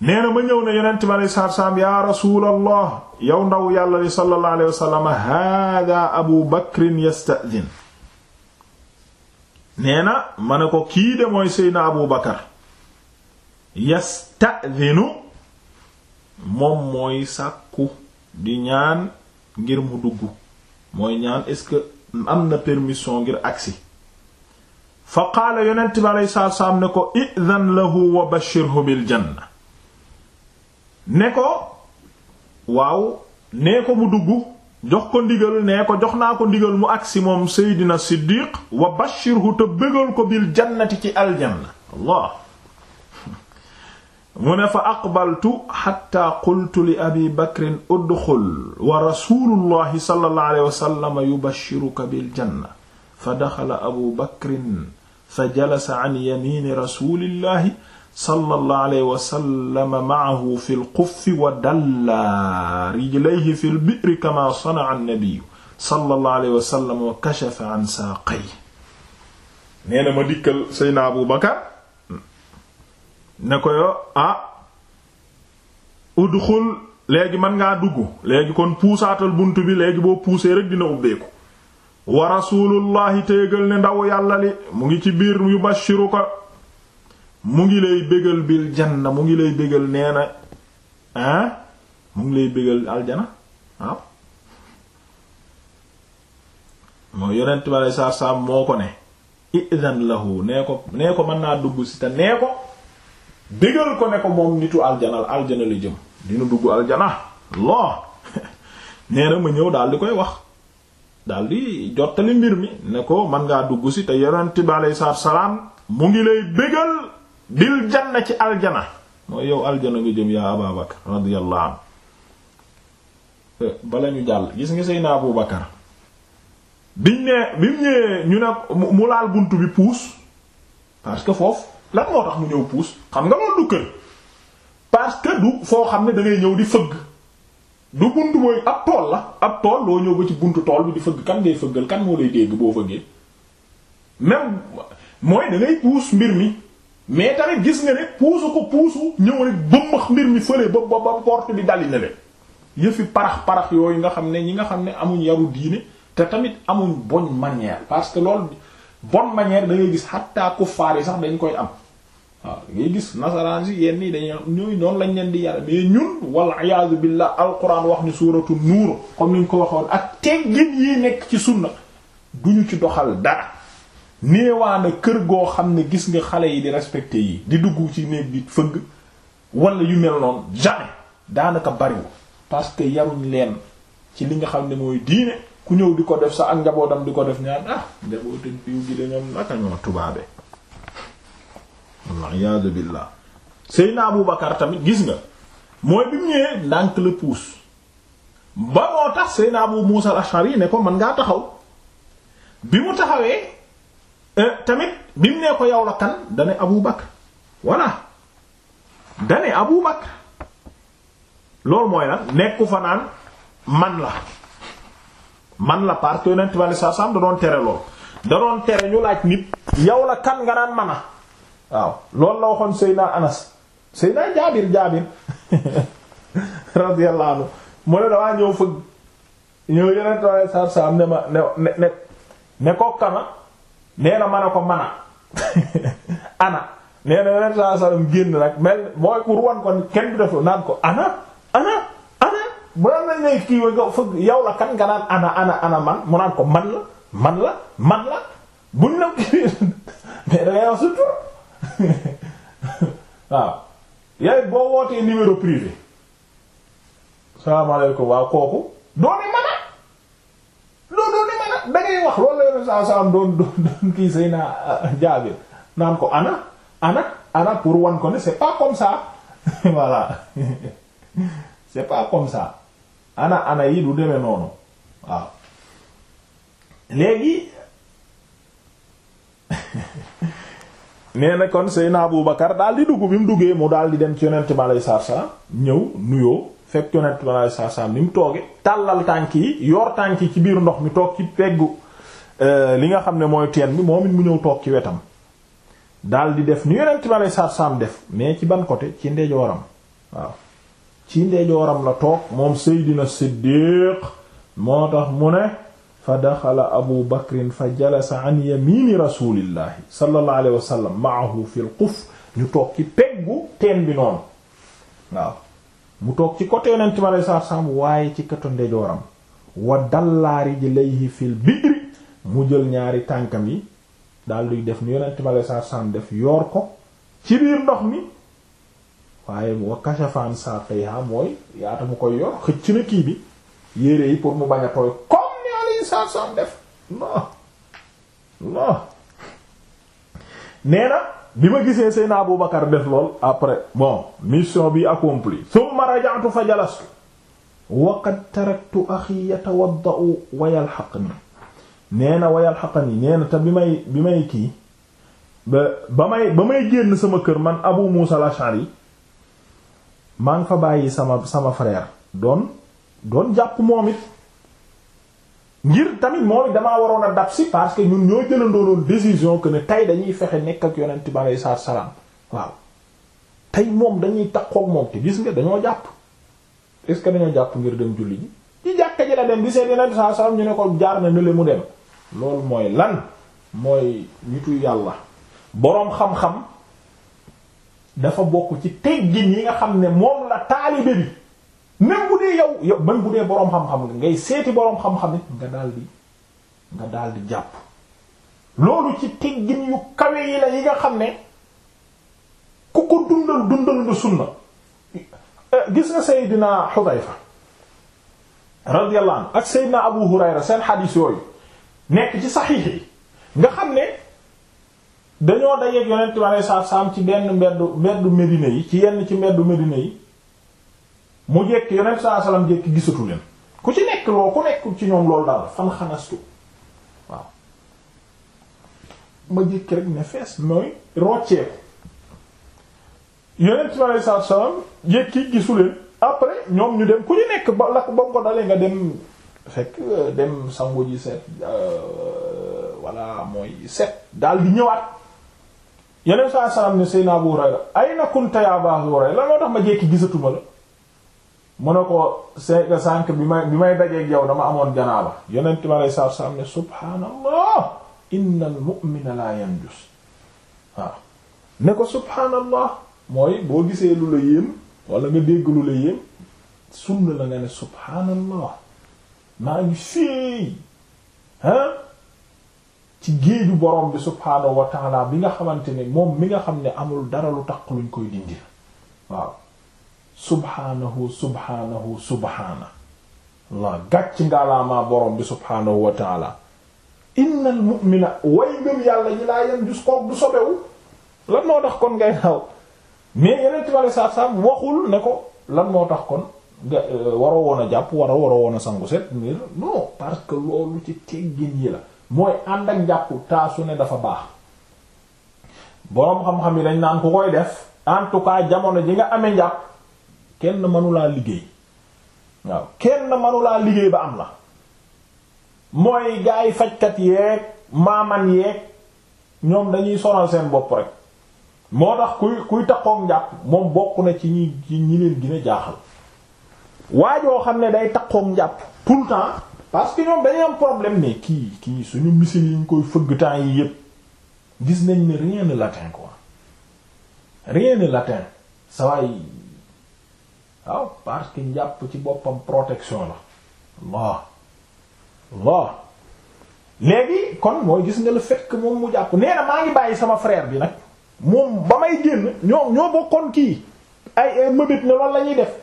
nee ma ñëw na yonent bi alei satu ya rasul allah yow ndaw yàlla li sallallahu abu bakrin yasta'din nee na ma ko kii de mooy seydna abu bakar yasta'dinu moom mooy sàkku di ñaan ngir mu dugg mooy ñaan est-ce que am na permission ngir agsi fa qaala yonent bi aleyhi salaatu salaam ne ko idan lahu wa bashirhu bil janna ne ko waaw nee ko mu dugg jox ko ndigal nee ko jox naa ko ndigal mu agsi moom seydina siddiq wa bashirhu te bégal ko bil jannati ci aljanna mu ne fa aqbaltu xatta qultu li abi bakrin udxul wa rasulullahi sallallahu alayhi wasallam yubashiruka biljanna fa daxala abu bakrin fa jalasa an yamini rasulillahi sallallahu alayhi wasallam maahu fi lquffi wa dalla rijlayhi fi lbiri kama sanaca annabiyu sallallahu alayhi wasallam wa kashafa an saaqay nee na ma dikkal sayna abu bakar ne ko yo ah udxul léegi mën ngaa dugg léegi kon puusaatal bunt bi léegi boo puusee rek dina ubbeeku wa rasulullahi téegal ne ndaw yàlla li mu ngi ci biir yu yubashiru ko mu ngi lay bégal bil janna mu ngi lay bégal nee na mu ngi lay bégal aljana waaw moo yonent bi alei saatu salaam moo ko ne idan lahu nee ko nee ko mën naa dugg si te nee ko bégal ko ne ko moom nitu aljanal aljana la jëm dina dugg aljana Allah (laughs) nee ma ñëw daal di koy wax dal di jottali mbir mi ne ko man ngaa dugg si te yonent bi aleyhi salaam mu ngi lay bégal bil janna ci aljana mooy yow aljana nga jëm yaa Abaa Bakar eh, bala ñu jàll gis nga Seydina Abu Bakar biñ ne bi mu ñu ne mu laal bunt bi puus parce que foofu lan moo tax mu ñëw puus xam nga loolu du kër parce que du foo xam ne da ngay ñëw di fëgg du bunt booy ab tool la ab tool loo ñëw ba ci bunt tool bi di fëgg kan ngay fëggal kan moo lay dégg boo fëggee même mooy da puus mbir mi mais tamit gis nga ne puusu ko puusu ñëw rek bëmmax mbir mi fële ba ba ba porte bi dali na leen yëfi parax parax yooyu nga xam ne ñi nga xam ne amuñ yaru diine te tamit amuñ bonne manière parce que loolu bonne manière da gis xatta kuffaar yi sax dañ koy am waaw da ngay gis nasaraan si yenn yi dañuy ñooy noonu lañ leen di yàlla mais ñun wala iyaazu billah alquran wax ni suuratu nuur comme ni ñu ko waxoon ak teggin yi nekk ci sunna duñu ci doxal dara neewaana kër goo xam ne gis nga xale yi di respecté yi di dugg ci néeg bi fëgg wala yu mel noonu jamais daanaka bariwul parce que yaruñ leen ci li nga xam ne mooy diine ku ñëw di ko def sax ak njabootam di ko def ñaan ah njaboot ak diw gi naka ñoo tubaabe walla billaah Seydina Abu Bakar tamit gis nga mooy bi mu ñëwee ndànk la puus ba moo tax Seydina Abu Muusa al-Ash'ari ne ko man ngaa taxaw bi mu taxawee eh, tamit bi mu nee ko yow la kan dane Abu Bakar voilà dane Abu Bakar loolu mooy lan nekku fa man la man la parce que yonent bi saa saam da doon tere lool da doon tere ñu laaj nit yow la kan nga naan mana waaw loolu la waxoon Seyna Anas Seyna Jaabir Jaabir (laughs) radiyallahu anhu mu ne dawaa ñëw fëgg ñëw yonent bi saa ne ma ne ne ne kokka na nee na mën a ko mana (laughs) ana nee na yonent bi saa saam génn nag mel mooy pour wan ko kenn du def naan ko ana ana mënaan nañ lay kii nga fëgg yow la kan nga naan ana ana man mu naan ko man la man la man la buñ la kii wax surtout (laughs) waaw yaay boo wootee numéro privé salaamaaleykum waaw kooku doo ne man a doo doo man a dangay wax loolu la yoonu saa saa doon doon kii say naa euh, jaabir naan ko ana ana ana pour wan ko ne c'est pas comme ça (laughs) voilà (laughs) c'est pas comme ça ana ana yi du demee noonu waaw léegi (laughs) nee na kon Seyna Abu daal di dugg bi mu duggee mu daal di dem ci yonent ma lay sarsam ñëw nuyoo fekk yonent ma lay ni mu tooge tàllal tànk yi yor tànk yi ci biir ndox mi toog ci peggu euh, li nga xam ne mooy teen bi moom it mu ñëw toog ci wetam daal di def ni yonent ma lay def mais ci ban côté ci ndeyjooram waaw ci ndeyjooram la toog moom seydina siddiq moo tax mu ne fa daxala abu bakrin fa jalasa an yamini rasulillahi sallallahu alayhi wa maahu fi l quf ñu toog ci peggu teen bi noonu waaw mu toog ci côté yonent mi alei waaye ci katu ndeyjooram wa dalla rijlayhi fil bi'ri mu jël ñaari tànkam yi daal def ni yonent mi alei def yoor ko ci biir ndox mi waaye wa kashafan saqayha mooy yaata mu koy yor xëcc na kii bi yére yi pour mu bañ a tooy comme ni alayhi salaam def non non bi ma gisee Seydina Abu Bakar def lool après bon mission bi accomplie thumma raja'tu fa jalastu wa qad taraktu akhi yatawadda'u wa yalhaqni nee na wa yalhaqni nee na te bi may bi may kii ba ba may ba may génn sama kër man Abu Musa al-Ash'ari maa ngi fa bàyyi sama sama frère doon doon jàpp moom it ngir tamit moom it damaa waroon a dab parce que ñun ñoo jëlandoonoon décision que ne tey dañuy fexe nekk ak yonent bi aleyhi salaatu salaam waaw tey moom dañuy takkook moom te gis nga dañoo jàpp est-ce dañoo jàpp ngir dem julli ji jàkka ji la dem di seen yonent bi salaam ñu ne ko jaar na nële mu dem loolu mooy lan mooy nitu yàlla boroom xam-xam dafa bokk ci teggin yi nga xam ne moom la taalibe bi même bu dee yow yow même bu dee boroom xam-xam nga ngay seeti boroom xam-xam nga daal di nga daal jàpp loolu ci teggin yu kawe yi la yi nga xam ne ku ko dundal dundal lu sunna eh, gis nga Seydina Xudayfa radiyallahu anhu ak Seydina Abu Hurayra seen xadiis yooyu nekk ci saxiix yi nga xam ne dañoo dajeeg yonent bi aleyhi salaatu salaam ci benn mbeddu mbeddu Medina yi ci yenn ci mbeddu Medina yi mu jekki yonent salaatu salaam jekki gisatu leen ku ci nekk ci ñoom loolu daal fan xanastu waaw ma jekki rek ne fees mooy rocceeku yonent bi aleyhi salaatu gisu leen après ñoom ñu dem ku ci nekk ba lakk ba mu nga dem fekk dem sangu ji set euh, voilà mooy set daal di ñëwaat. yeneen saa salaam ne Seydina Abu Hurayra ayna kunta ya Abu Hurayra la moo tax ma jékki gisatuma la mu ne ko sànq sànq bi may bi may dajeeg yow dama amoon janaaba yeneen ma lay saa salaam ne subhaanallah innal mu'mina ne ko subhaanallah mooy boo gisee lu la yéem wala nga dégg lu la yéem sunna la nga ne subhaanallah maa ngi fii ci géeju borom bi subhaanahu wa taala bi nga xamante ne moom mi nga xam ne amul dara lu tax luñ koy dindi waaw subhaanahu subhaanahu subhaana la gàcc ngaalaamaa borom bi subhaanahu wa taala innal mu'mina way ngëm yàlla yi laa yem gis koog du sobewu lan moo tax kon ngay naaw mais yeneen tubaab yi saaf saaf waxul ne ko lan moo tax kon nga euh, waroo woon a jàpp waroo waroo woon a sangu set mais non parce que loolu ci teggin yi la. mooy ànd ak njàpp taasu ne dafa baax boroom xam-xam yi dañ naan ku koy def en tout jamono ji nga amee njàpp kenn manulaa liggéey waaw kenn manulaa liggéey ba am la mooy gaa yi fajkat yeeg maaman yeeg ñoom dañuy sonal seen bopp rek moo tax kuy kuy takkook njàpp moom bokk na ci ñi ñi leen gën a jaaxal waajoo xam ne day takkook njàpp tout le temps parce que ñoom dañuy am problème mais kii kii suñu missile yi ñu koy fëgg temps yi yépp gis nañ ne rien ne l'atteint quoi rien ne l'atteint sawaay waaw parce que njàpp ci boppam protection la Allah Allah léegi kon mooy gis nga le fait moom mu jàpp nee maa ngi bàyyi sama frère bi nag moom ba may génn ñoo ñoo bokkoon kii ay mëbét ne loolu la ñuy def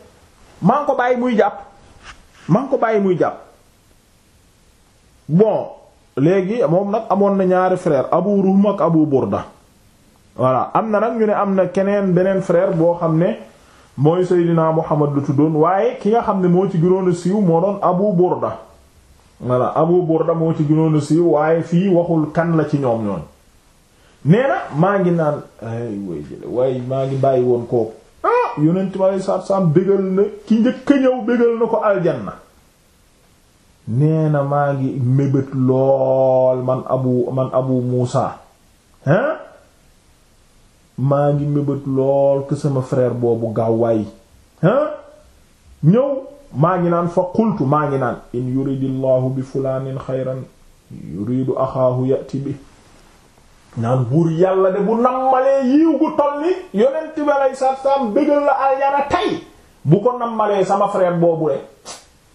maa ngi ko bàyyi muy jàpp maa ngi ko bàyyi muy jàpp bon léegi moom nag amoon na ñaari frère abu ruhm ak abu burda voilà am na nag ñu ne am na keneen beneen frère boo xam ne mooy seydinaa muhammad lu tuddoon waaye ki nga xam ne moo ci gënoon a siiw moo doon abu burda voilà abu burda moo ci gënoon a siiw waaye fii waxul kan la ci ñoom ñooñ nee na maa ngi naan way jële waaye maa ngi bàyyi woon kooku ah yonent ma lay saab saab bégal na ki njëkk a ñëw bégal na ko aljanna nee na maa ngi mébét lool man abu man abu muusa hein maa ngi mébét lool que sama freer boobu gaaw waay hein ñëw maa ngi naan fa qultu maa ngi naan in yuridillahu bi fulaanin xayran yuridu axaahu yati bi naan buur yàlla de bu nammalee yiw gu toll ni yonent bi aleyhi salaatu salaam bëggal la aljana tey bu ko nammalee sama frère boobu rek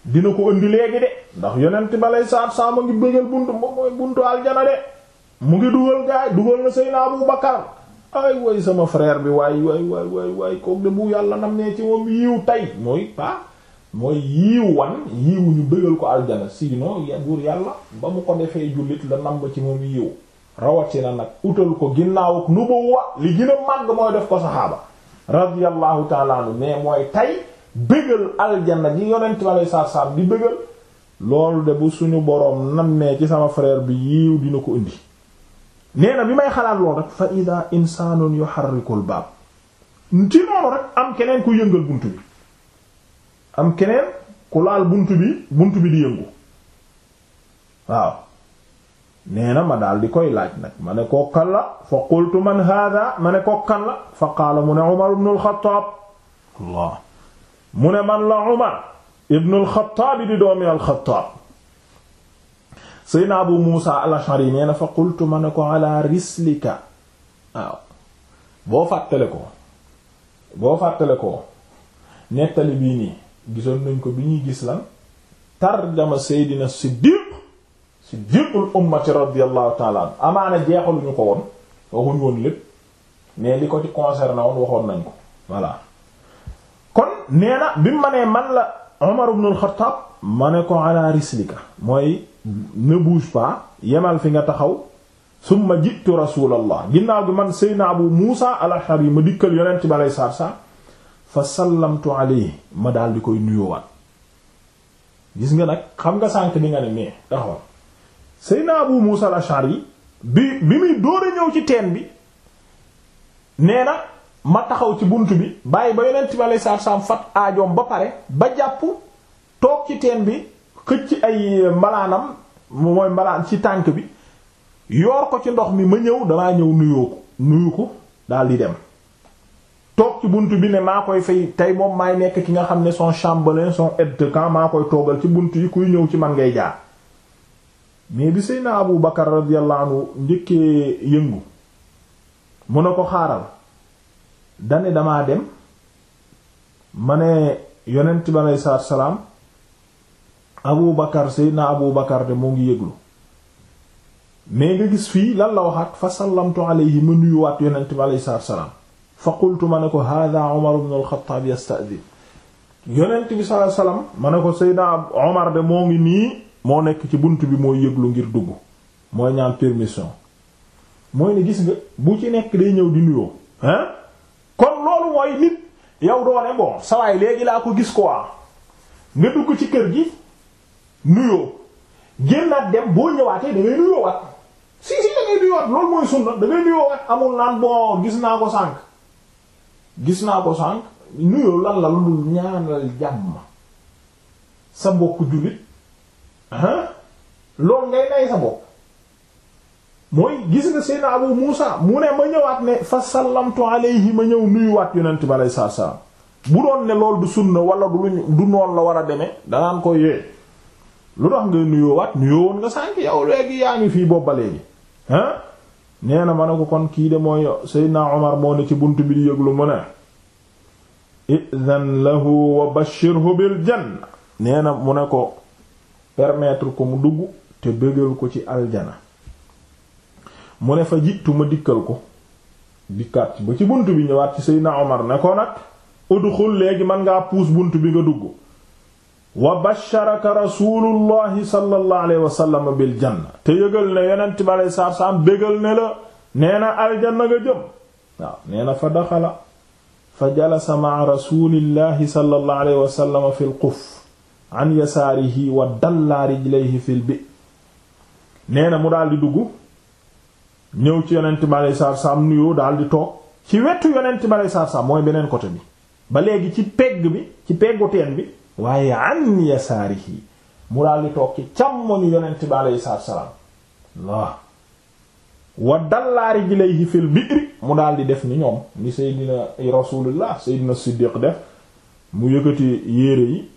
dina ko indi léegi de ndax yonent ba lay saat saa ma ngi bëggal buntu mooy buntu aljana de mu ngi dugal gaay dugal na Seydina Abu Bakar ay way sama frère bi waay waay waay waay waay kook de bu yàlla nam nee ci moom yiiw tey mooy pa mooy yiiw wan yiiw ñu bëggal ko aljana sinon ya buur yàlla ba mu ko defee jullit la nam ci moom yiiw na nag utal ko ginnaaw ak nubuwa li gën màgg mooy def ko saxaaba radiyallahu ta'ala anhu mais mooy tey bégal aljanna ji yonent bi aleyhi salaatu di bégal loolu de bu suñu boroom nammee ci sama frère bi yiiw dina ko indi nee na bi may xalaat loolu rek fa ida insanun yuharrikul baab ci noonu rek am keneen ku yëngal bunt bi am keneen ku laal bunt bi bunt bi di yëngu waaw nee na ma daal di koy laaj nag ma ne kokkan la fa qultu man hada ma ne kokkan la fa qaala mu ne Umar mu ne man la Umar ibnu alxataabi di doomi alxataab seyna abu muusa al-Ash'ari fa qultu ma ne ko ala rislika waaw boo fàttale ko boo fàttale ko nettali bii nii gisoon nañ ko bi ñuy gis lan tarjama seydina siddiq siddiqul ummati radiallahu taala anu amaana jeexaluñu ko woon waxuñ woon lépp mais li ko ci concerné woon waxoon nañ ko voilà kon nee na bi mu ma nee man la Umar ibn al-Khattab ma ne ko ala rislika mooy ne bouge pas yemal fi nga taxaw summa jitu rasulallah ginnaaw bi man seyna Abu Muusa al yi ma dikkal yonent bi alay saar saar fa sallamtu alayhi ma daal di koy nuyuwaat gis nga nag xam nga sànk bi nga ne mais taxawal seyna Abu Muusa al-Ash'ari bi bi muy dóor ñëw ci teen bi nee na ma taxaw ci bunt bi bàyyi ba yonent bi alei saatu salaam fat aajoom ba pare ba jàpp toog ci teen bi xëcc ay mbalaanam mooy mbalaan ci tànk bi yoor ko ci ndox mi ma ñëw damaa ñëw nuyoo ko nuyu ko daal di dem toog ci bunt bi ne maa koy fay tey moom maay nekk ki nga xam ne son chambellan son aide de camp maa koy toogal ci bunt yi kuy ñëw ci man ngay jaar mais bi Seydina Abu Bakar radiyallahu anhu njëkkee yëngu mën na ko xaaral dane damaa dem ma ne yonent bi aleyhi salaatu salaam abu bakar seydina abu bakar de mu ngi yëglu mais nga gis fii lan la waxaat fa sallamtu alayhi ma nuyuwaat yonent bi aleyhi salaatu ma ne ko hada omar ibn al-Khattab yasta'din yonent bi salaam ma ne ko seydina omar de moo ngi nii moo nekk ci bunt bi mooy yëglu ngir dugg mooy ñaan permission mooy ne gis nga bu ci nekk day ñëw di nuyoo hein mooy nit yow doo ne sawaay léegi laa ko gis ko quoi nga dugg ci kër gi nuyoo génnaat dem boo ñëwaatee da ngay nuyoo waat si si da nuyoo waat loolu mooy sunna da nuyoo waat amul naan bon gis naa ko sànq gis naa ko sànq nuyoo lan la lu dul ñaanal jàmm sa mbokk jullit ah loolu ngay nay sa bopp mooy gis nga seen Abu Muusa mu ne ma ñëwaat ne fa sallamtu alayhi ma ñëw nuyuwaat yonent bi alayhi salaam bu doon ne lool du sunna wala du du noonu la war a deme danaan ko yee lu tax ngay nuyoowaat nuyoowoon nga sànk yow léegi yaa ngi fii boobu ba léegi nee na ma ne ko kon kii de mooy Seydina Omar moo ne ci bunt bi di yëglu mu ne izan lahu wa bashirhu bil janna nee na mu ne ko permettre ko mu dugg te bëggal ko ci aljana mu ne fa jiitu ma dikkal ko dikkaat ba ci bunt bi ñëwaat ci Seydina Omar ne ko nag udxul léegi man ngaa puus bunt bi nga dugg wa basharaka rasulullahi sallallahu alayhi te yëgal ne yonent bi alei saatu bégal ne la nee na aljanna nga jëm waaw nee na fa daxala fa jalasa ma'a rasulillahi sallallahu alayhi wa sallam fil quf an yasaarihi wa dalla rijlayhi fil bi nee na mu daal di dugg ñëw ci yonent bi aleyhi salaatu salaam nuyoo daal di toog ci wetu yonent bi aleyhi salaam mooy beneen côté bi ba léegi ci pegg bi ci peggu bi waaye an yasaarihi mu daal toog ci càmmoñu yonent bi aleyhi salaatu salaam waaw wa dallaari jilayhi fil bi'ri mu daal def ni ñoom ni seydina rasulullah seydina siddiq def mu yëkkati yére yi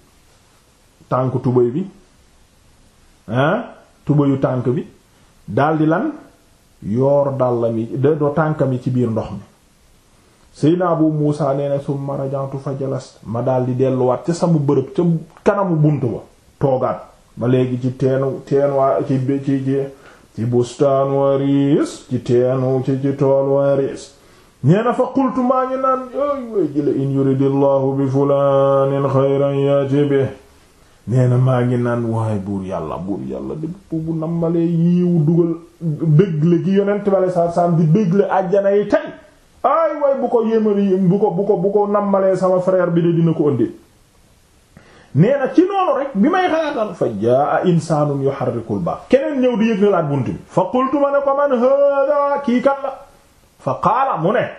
tànk tubéy bi hein tubéyu tànk bi daldi di lan yoor dàllam mi de do tànkam yi ci biir ndox mi Seydina Abu Muusa nee na summa rajantu fa jalas ma dal di delluwaat ca sama bërëb ca kanamu bunt ba toogaat ba léegi ci teenu teen waa ci teenu ci ci tool waris nee na fa qultu maa ngi naan yooyu way jële in yuridillahu bi fulanin xayran yaati bi nee na maa ngi naan waaye buur yàlla buur yàlla de bu bu nambalee yiiwu dugal bégle gi yonent bi alei satu salaam di bégle àjjana yi tey ay way bu ko yéemari bu ko bu ko bu ko nammalee sama frère bi de dina ko ëndi nee na ci noonu rek bi may xalaatal fa jaa insanun yuharrikul ba keneen ñëw di yëg laaj bunt bi fa qultu ma ne ko man hada kii kat la fa qaala mu ne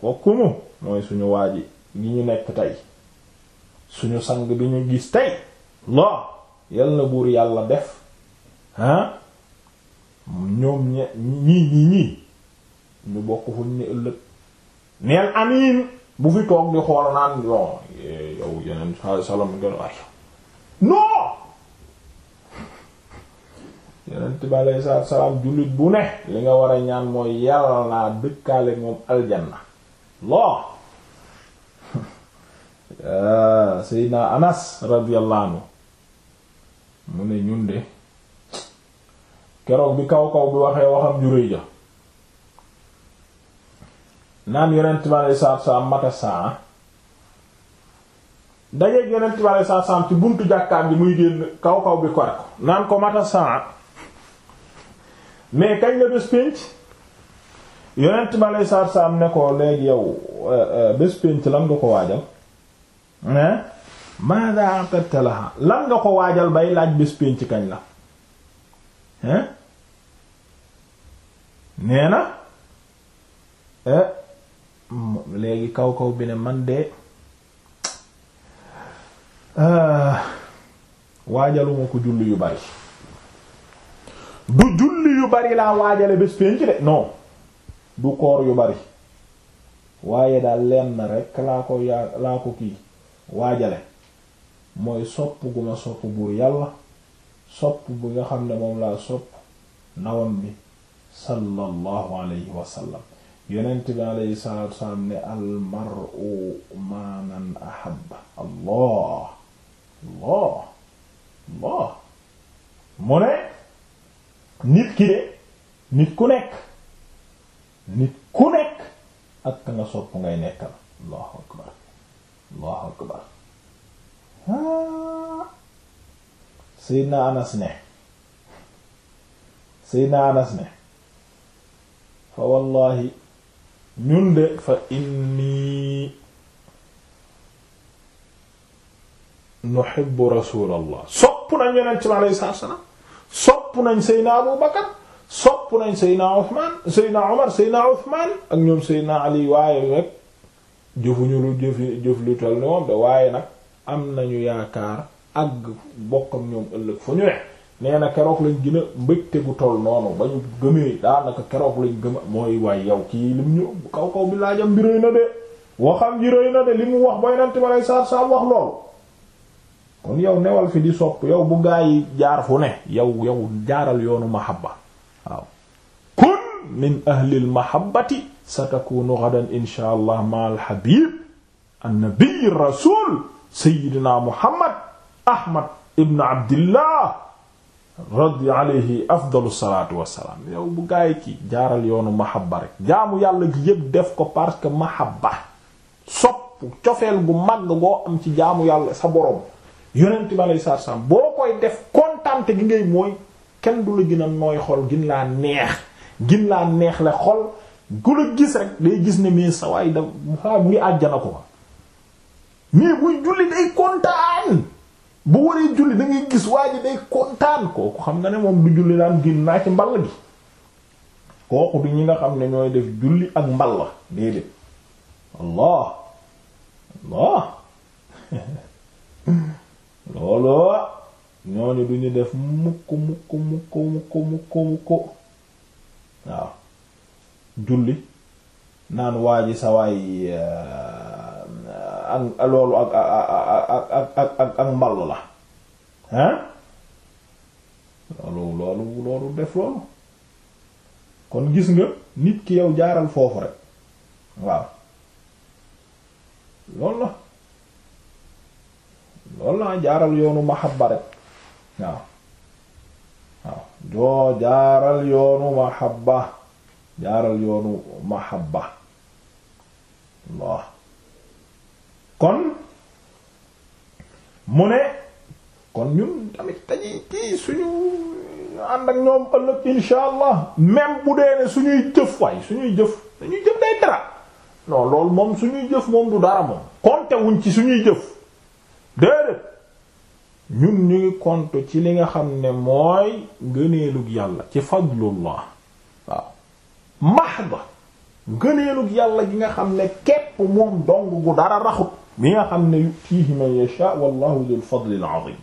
kokkumu mooy suñu waaji yi ñu nekk tey suñu sang bi ñu gis tey lo yal na buur yàlla def ah, ñoom ñe ñii ñii ñii ñu bokk fu ñu ëllëg neen amiin bu fi toog di xool naan non eh, yow yeneen salaam nga ay non (laughs) yeneen bi aleyhi salaatu salaam jullit bu ne li nga war a ñaan mooy yàlla naa dëkkaale moom aljanna loo (laughs) ah, Seydina Anas radiyallahu mu ne ñun de keroog bi kaw kaw bi waxee waxam ju rëy ja naan yonent bi aleyhi salaatu salaam mata saa dajeeg yonent bi aleyhi salaatu salaam ci buntu jàkkaam ji muy génn kaw kaw bi ko rek naan ko mata saa mais kañ la bés pénc yonent bi aleyhi salaatu salaam ne ko léegi yow euh, euh, bés pénc lan nga ko waajal hein maada aqadta laha lan nga ko waajal bay laaj bés pénc kañ la nee na eh, léegi kaw kaw bi ne man de eh, waajaluma ko julli yu bari du julli yu bari laa waajale bés pénc de non du koor yu bari waaye daal lenn rekk laa ko yaa laa ko kii waajale mooy sopp gu sopp buur yàlla sopp bi nga xam ne moom laa sopp nawam bi sallallahu alayhi wa sallam bi alayhi salatu wasalaam ne almaru maanan ahabba allah allah allah mu ne nit ki de nit ku nekk nit ku nekk ak ka nga sopp ngay nekkal allahu akbar allahu akbar seydna anas ne seydna anas ne fa wallahi ñun de fa inni nuhibbu rasulallah sopp nañ yonent bi alayhi salaatu wa salaam sopp nañ Seydina Abu Bakar sopp nañ Seydina Uthman Seydina ak ñoom Seydina Ali waaye rek jëfuñu lu jëf jëf nag am nañu yaakaar ak bokk ak ñoom ëllëg nee na keroog lañ gën a mbégte gu toll noonu ba gëmee daanaka keroog lañ gëm mooy waay yow kii lim ñu kaw kaw bi laajam na de waxam ji na de li wax ba yonent ba saar saar wax loolu kon yow newal fi di sopp yow bu gaa yi jaar fu ne yow jaaral yoonu mahabba waaw kun min ahlil mahabbati satakunu ghadan insha allah ma al habib annabi rasul muhammad ahmad ibn abdillah radi alayhi afdalu salaatu wassalaam yow bu gaa yi ki jaaral yoonu mahabba rek jaamu yàlla gi yépp def ko parce que mahabba sopp cofeel bu màgg goo am ci jaamu yàlla sa boroom yonent bi alayhi salaatu wassalaam boo koy def kontante gi ngay mooy kenn du la gën a nooy xol gin laa neex gin laa neex la xol gu la gis rek day gis ne mais sa waay da mu àjjana ko mais buy julli day kontaan bu waree julli da gis waa day kontaan kooku xam nga ne moom du julli daan génn naa ci mball gi kooku du ñi nga xam ne ñooy def julli ak mball déedéet allah allah (laughs) loolu ñooñu du ñu def mukk mukk mukk mukk mukk mukk waaw julli naan waa sa waay euh, ak loolu ak ak ak ak la hein loolu loolu def loolu kon gis nga nit ki yow jaaral foofu rek waaw loolu la loolu la jaaral yoonu mahabba rek waaw waaw doo jaaral yoonu mahabba jaaral yoonu mahabba Allah kon mu ne kon ñun tamit dañuy kii suñu ànd ak ñoom ëllëg insha allah même bu dee ne suñuy jëf waay suñuy jëf suñuy jëf day dara non loolu moom suñuy jëf moom du dara moom compte wuñ ci suñuy jëf déedéet ñun ñu ngi compte ci li nga xam ne mooy ngëneelug yàlla ci fadlullah waaw mahda ngëneelug yàlla gi nga xam ne képp moom dong gu dara raxut mi nga xam ne yutihi man yasha wallahu dhul fadlil azim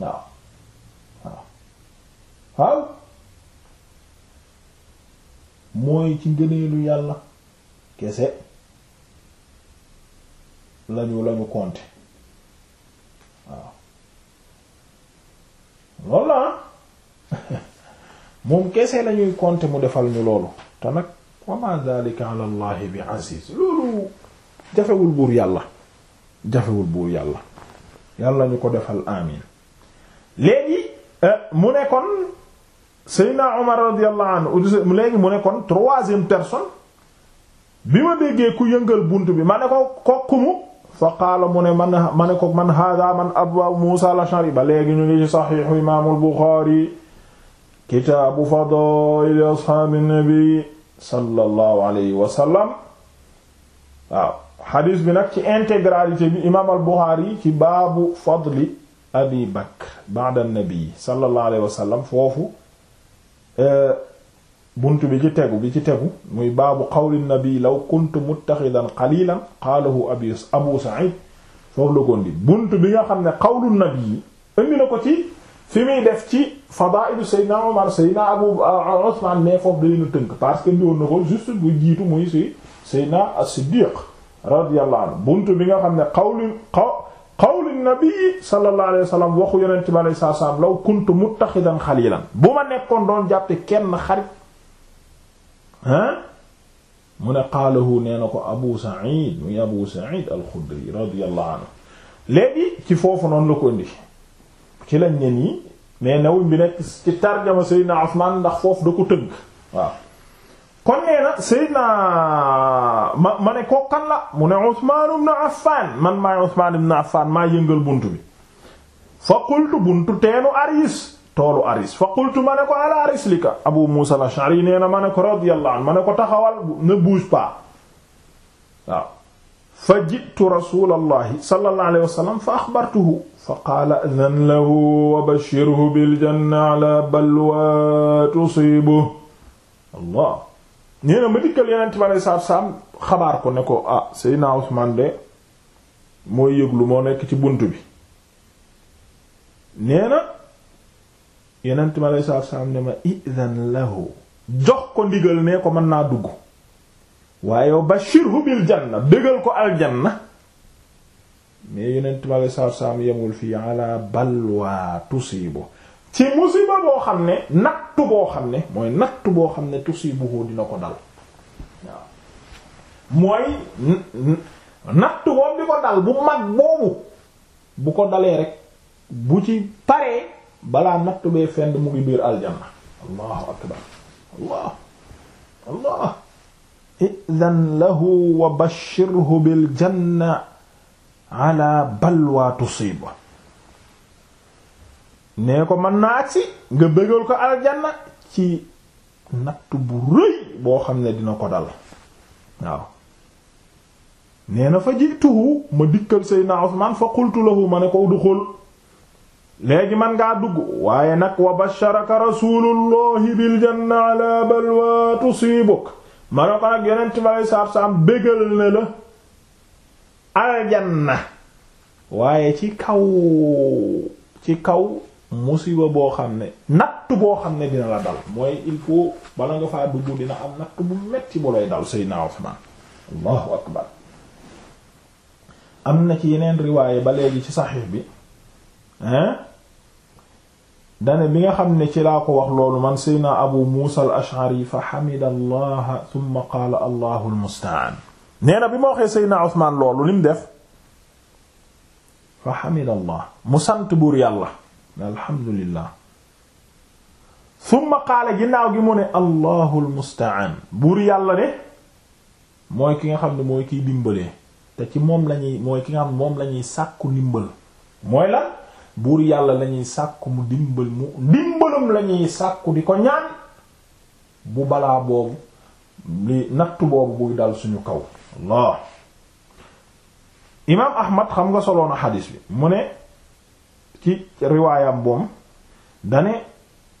waaw waaw waaw mooy ci ngëneelu yàlla kese lañu lañu compter waaw loolu la ah. (laughs) moom kese lañuy compter mu defal ñu loolu te nag wa ma dhalika ala bi aziz loolu jafewul buur yàlla jafewul buur yàlla yàlla ñu ko defal amin léegi euh, mu ne kon Seydina Omar radiyallahu anhu léegi mu nekkoon kon troisième personne bi ma déggee ku yëngal bunt bi ma ne ko kokkumu fa qaala mu ne man ma ne ko man hada man abwa Musa la shariba léegi ñu ngi ci saxiixu imaamul Buxaari kitaabu fadaa'il ashaabi nabi sallallahu alayhi wa sallam waaw xadiis bi nag ci intégralité bi imaam al Buxaari ci baabu fadli abi bakr ba'da nabi sallallahu alayhi wa sallam foofu euh, bunt bi ci tegu bi ci tegu muy baabu qawli nabi law kuntu muttaxidan qalilan qaalahu abi abu sa'id foofu la gondi bunt bi nga xam ne qawlu nabi indi na ko ci fi muy def ci fadaa'ilu sayyidina Umar sayyidina abu Usman mais foofu da leen tënk parce que indiwoon na ko juste bu jiitu muy si sayyidina as-Siddiq radiyallahu anhu buntu bi nga xam ne qawlu qawlu nabi sallallahu alayhi wa sallam la yonent bi alayhi salaam law kuntu muttaxidan xalilan bu ma nekkoon doon jàppe kenn xarit ah mu ne qaalahu nee na ko Abu Sa'id muy Abu Sa'id al-Khudri radiyallahu anhu léegi ci foofu noon la ko indi ci ne nii mais newuñ bi nekk ci tarjama Seydina Usmaan ndax foofu da ko tënk waaw kon nee na Seydina ma ma ne ko kan la mu ne Usmaan ibn Affaan man maay Usmaan ibn Affaan maa yëngal bunt bi fa qultu buntu teenu Aris toolu Aris fa qultu ma ne ko ala Aris li ka Abu Muusa al-Ash'ari nee na ma ne ko radiyallahu anhu ma ne ko taxawal ne bouge pas waaw fa ji'tu rasulallahi sallallahu alayhi wa sallam fa axbartuhu fa qaala adhan lahu wa bashshirhu bil janna ala balwa tusibuhu Allah nee na ma dikkal yonent bi aleyhi salaatu xabaar ko ne ko ah Seydina Usmaan de mooy yëglu moo nekk ci bunt bi nee na yonent bi aleyhi ne ma idan lahu jox ko ndigal nee ko mën naa dugg waaye bashirhu bil janna bégal ko aljanna mais yonent bi aleyhi salaatu yemul fii ala balwa tusiibu ci musiba boo xam ne nattu boo xam ne mooy nattu boo xam ne tusibuhu dina ko dal waaw mooy nattu boobu di ko dal bu mag boobu bu ko dalee rek bu ci paree balaa nattu bee fend mu ngi biir aljanna allahu akbar allah allah idan lahu wa bashirhu bil janna ala balwa tusiba nee ko man naa agsi nga bëggal ko aljanna ci natt bu rëy boo xam ne dina ko dal waaw nee na fa jiituhu ma dikkal Seydina Usmaan fa qultu lahu ma ne ko duxul léegi man ngaa dugg waaye nag wa basharaka rasulullahi bil janna ala balwa aljanna waaye ci kaw ci kaw musiba boo xam ne natt boo xam ne dina la dal mooy il faut bala nga faa dugg dina am natt bu metti bu dal Seydina Usmaan allahu akbar am na ci yeneen riwaaye ba léegi ci saxiix bi hein dane bi nga xam ne ci laa ko wax loolu man Seydina Abu Muusa al-Ash'ari fa xamida allaha thumma qaala allahu al nee na bi ma waxee Seydina Usmaan loolu lim def fa xamida allah mu sant buur yàlla alhamdulillah summa qaala ginnaaw gi mu ne allahu almustaan buur yàlla de mooy ki nga xam ne mooy kiy dimbalee te ci moom lañuy mooy ki nga xam ne moom lañuy sàkku ndimbal mooy buur yàlla lañuy sàkku mu dimbal mu dimbalum lañuy sàkku di ko ñaan bu balaa boobu li nattu boobu buy dal suñu kaw imaam ahmad xam nga soloon a xadiis bi mu ne ci riwaayam boom dane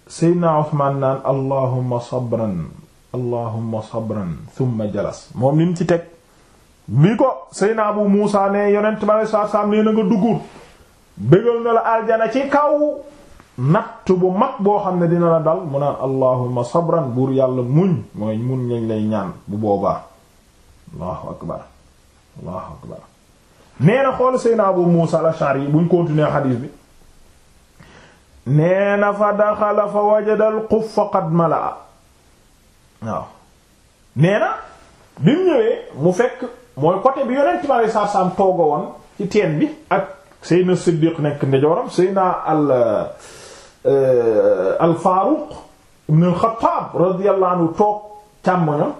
seydna Usmaan naan allahumma sabran allahumma sabran thumma jalas moom lim ci teg bi ko seydna Abu Muusa ne yonent ma lay saar saam nee na nga dugg bégal na la aljana ci kaw natt bu mag boo xam ne dina la dal mu naan allahumma sabran buur yàlla muñ mooy mun lañ lay ñaan bu boobaa allahu akbar allahu akbar nee na xool seydna Abu Muusa al-Ash'ari yi buñ continuer xadiis bi nee na fa daxala fa wajadal xuffa qad malaa waaw nee bi mu ñëwee mu fekk mooy côté bi yonent bi alei satu salaam tooga woon ci teen bi ak Seydina Siddiq nekk ndejooram Seydina al euh, al Faaruq ibn al Xattaab radiyallahu anhu toog càmmoñam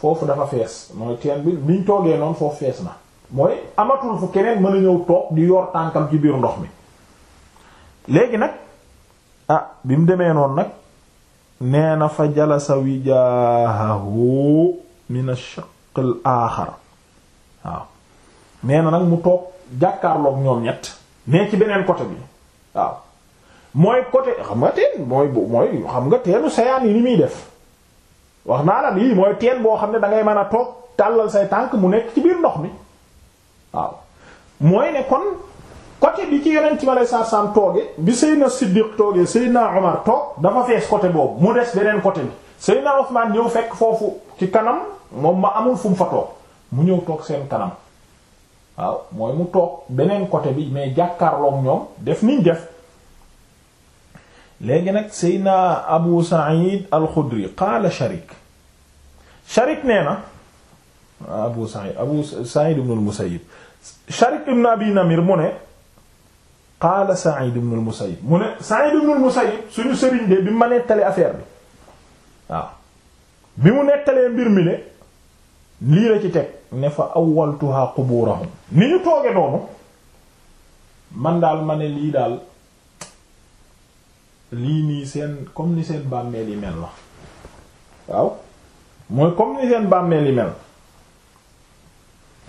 foofu dafa fees mooy teen bi biñ toogee noonu foofu fees na mooy amatul fu keneen mën a ñëw toog di yor tànkam ci biir ndox mi léegi nag ah bi mu demee noon nag nee na fa jalasa wijaahahu min ash-shaqq al-axar waaw nee na nag mu toog jàkkaarlook ñoom ñett nee ci beneen côté bi waaw mooy côté xam nga teen mooy mooy xam nga teenu sayaan yi ni muy def wax naa la lii mooy teen boo xam ne dangay ngay mën a toog tàllal say tànk mu nekk ci biir ndox mi waaw mooy ne kon côté bi ci yonent ma lay saa saam tooge bi Seydina Siddiq tooge Seydina Omar toog dafa fees côté boobu mu des beneen côté bi Seydina Ousmane ñëw fekk foofu ci kanam moom ma amul fu mu fa toog mu ñëw toog seen kanam waaw mooy mu toog beneen côté bi mais jàkkaarloog ñoom def niñ def léegi nag na Abu Sa'id al-Khudri qaala Sharik Sharik nee na Abu Sa'id Abu Sa'id ibn al-Musayyib Sharik ibn Abi Namir mu ne qaala Sa'id ibn al-Musayyib mu ne Sa'id ibn al-Musayyib suñu sëriñ de bi ma nettalee affaire bi waaw bi mu nettalee mbir mi de lii la ci teg ne fa awwaltuha quburahum ni ñu tooge noonu man daal ma ne lii daal lii nii seen comme ni seen bàmmeel yi mel la waaw mooy comme ni seen bàmmeel mel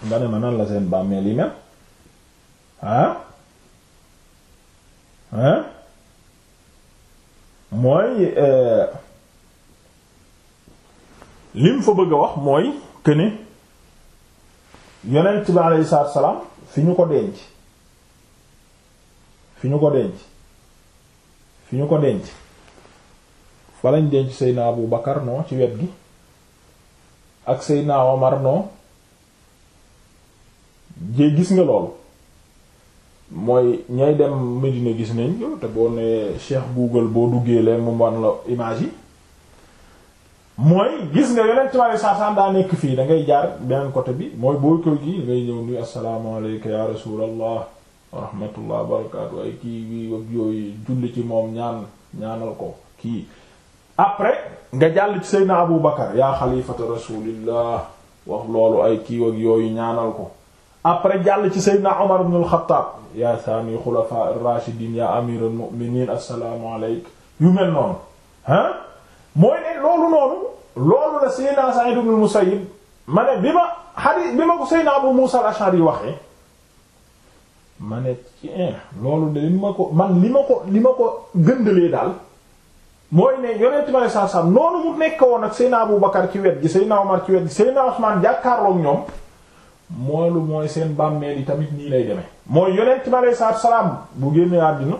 nga ne ma nan la seen bàmmeel mel hein mooy euh, li fa bëgg a wax mooy këne yonent bi aleyhi salaatu wa salaam fi ñu ko denc fi ñu ko denc fi ñu ko denc fa lañ denc Seydina Abu Bakar non ci wet gi ak Seydina Omar non jee gis nga loolu mooy ñay dem Medina gis nañ ko te boo nee Cheikh Google boo duggee leen mu mën la image yi mooy gis nga yeneen tubaab yi sax daa nekk fii dangay ngay jaar beneen côté bi mooy boo ko gi ngay ñëw nuyu asalaamaaleykum ya ci moom ñaan ko kii. nga jàll ci Seydina Abu Bakar yaa xalifata rasulillah wax loolu ay kii ak yooyu ñaanal ko. après jàll ci Seydina Omar ibn al-Khattab thani khulafa rashidin ya amir al-mu'minin assalamu yu mel noonu ah mooy ne loolu noonu loolu la Seydina Sa'id ibn al ma ne bi ma hadith bi ma ko Seydina Abu Musa al-Ash'ari waxee ma ne ci loolu de li ma ko man li ma ko li ma ko gëndalee daal mooy ne yonent ma ne saa saa noonu mu nekk woon ak Seydina Abu Bakar ci wet gi Seydina Omar ci wet gi Seydina Usman ñoom moolu mooy seen bàmmeel yi tamit nii lay demee mooy yonent bi aleyhi salaatu wa salaam bu génnee àddina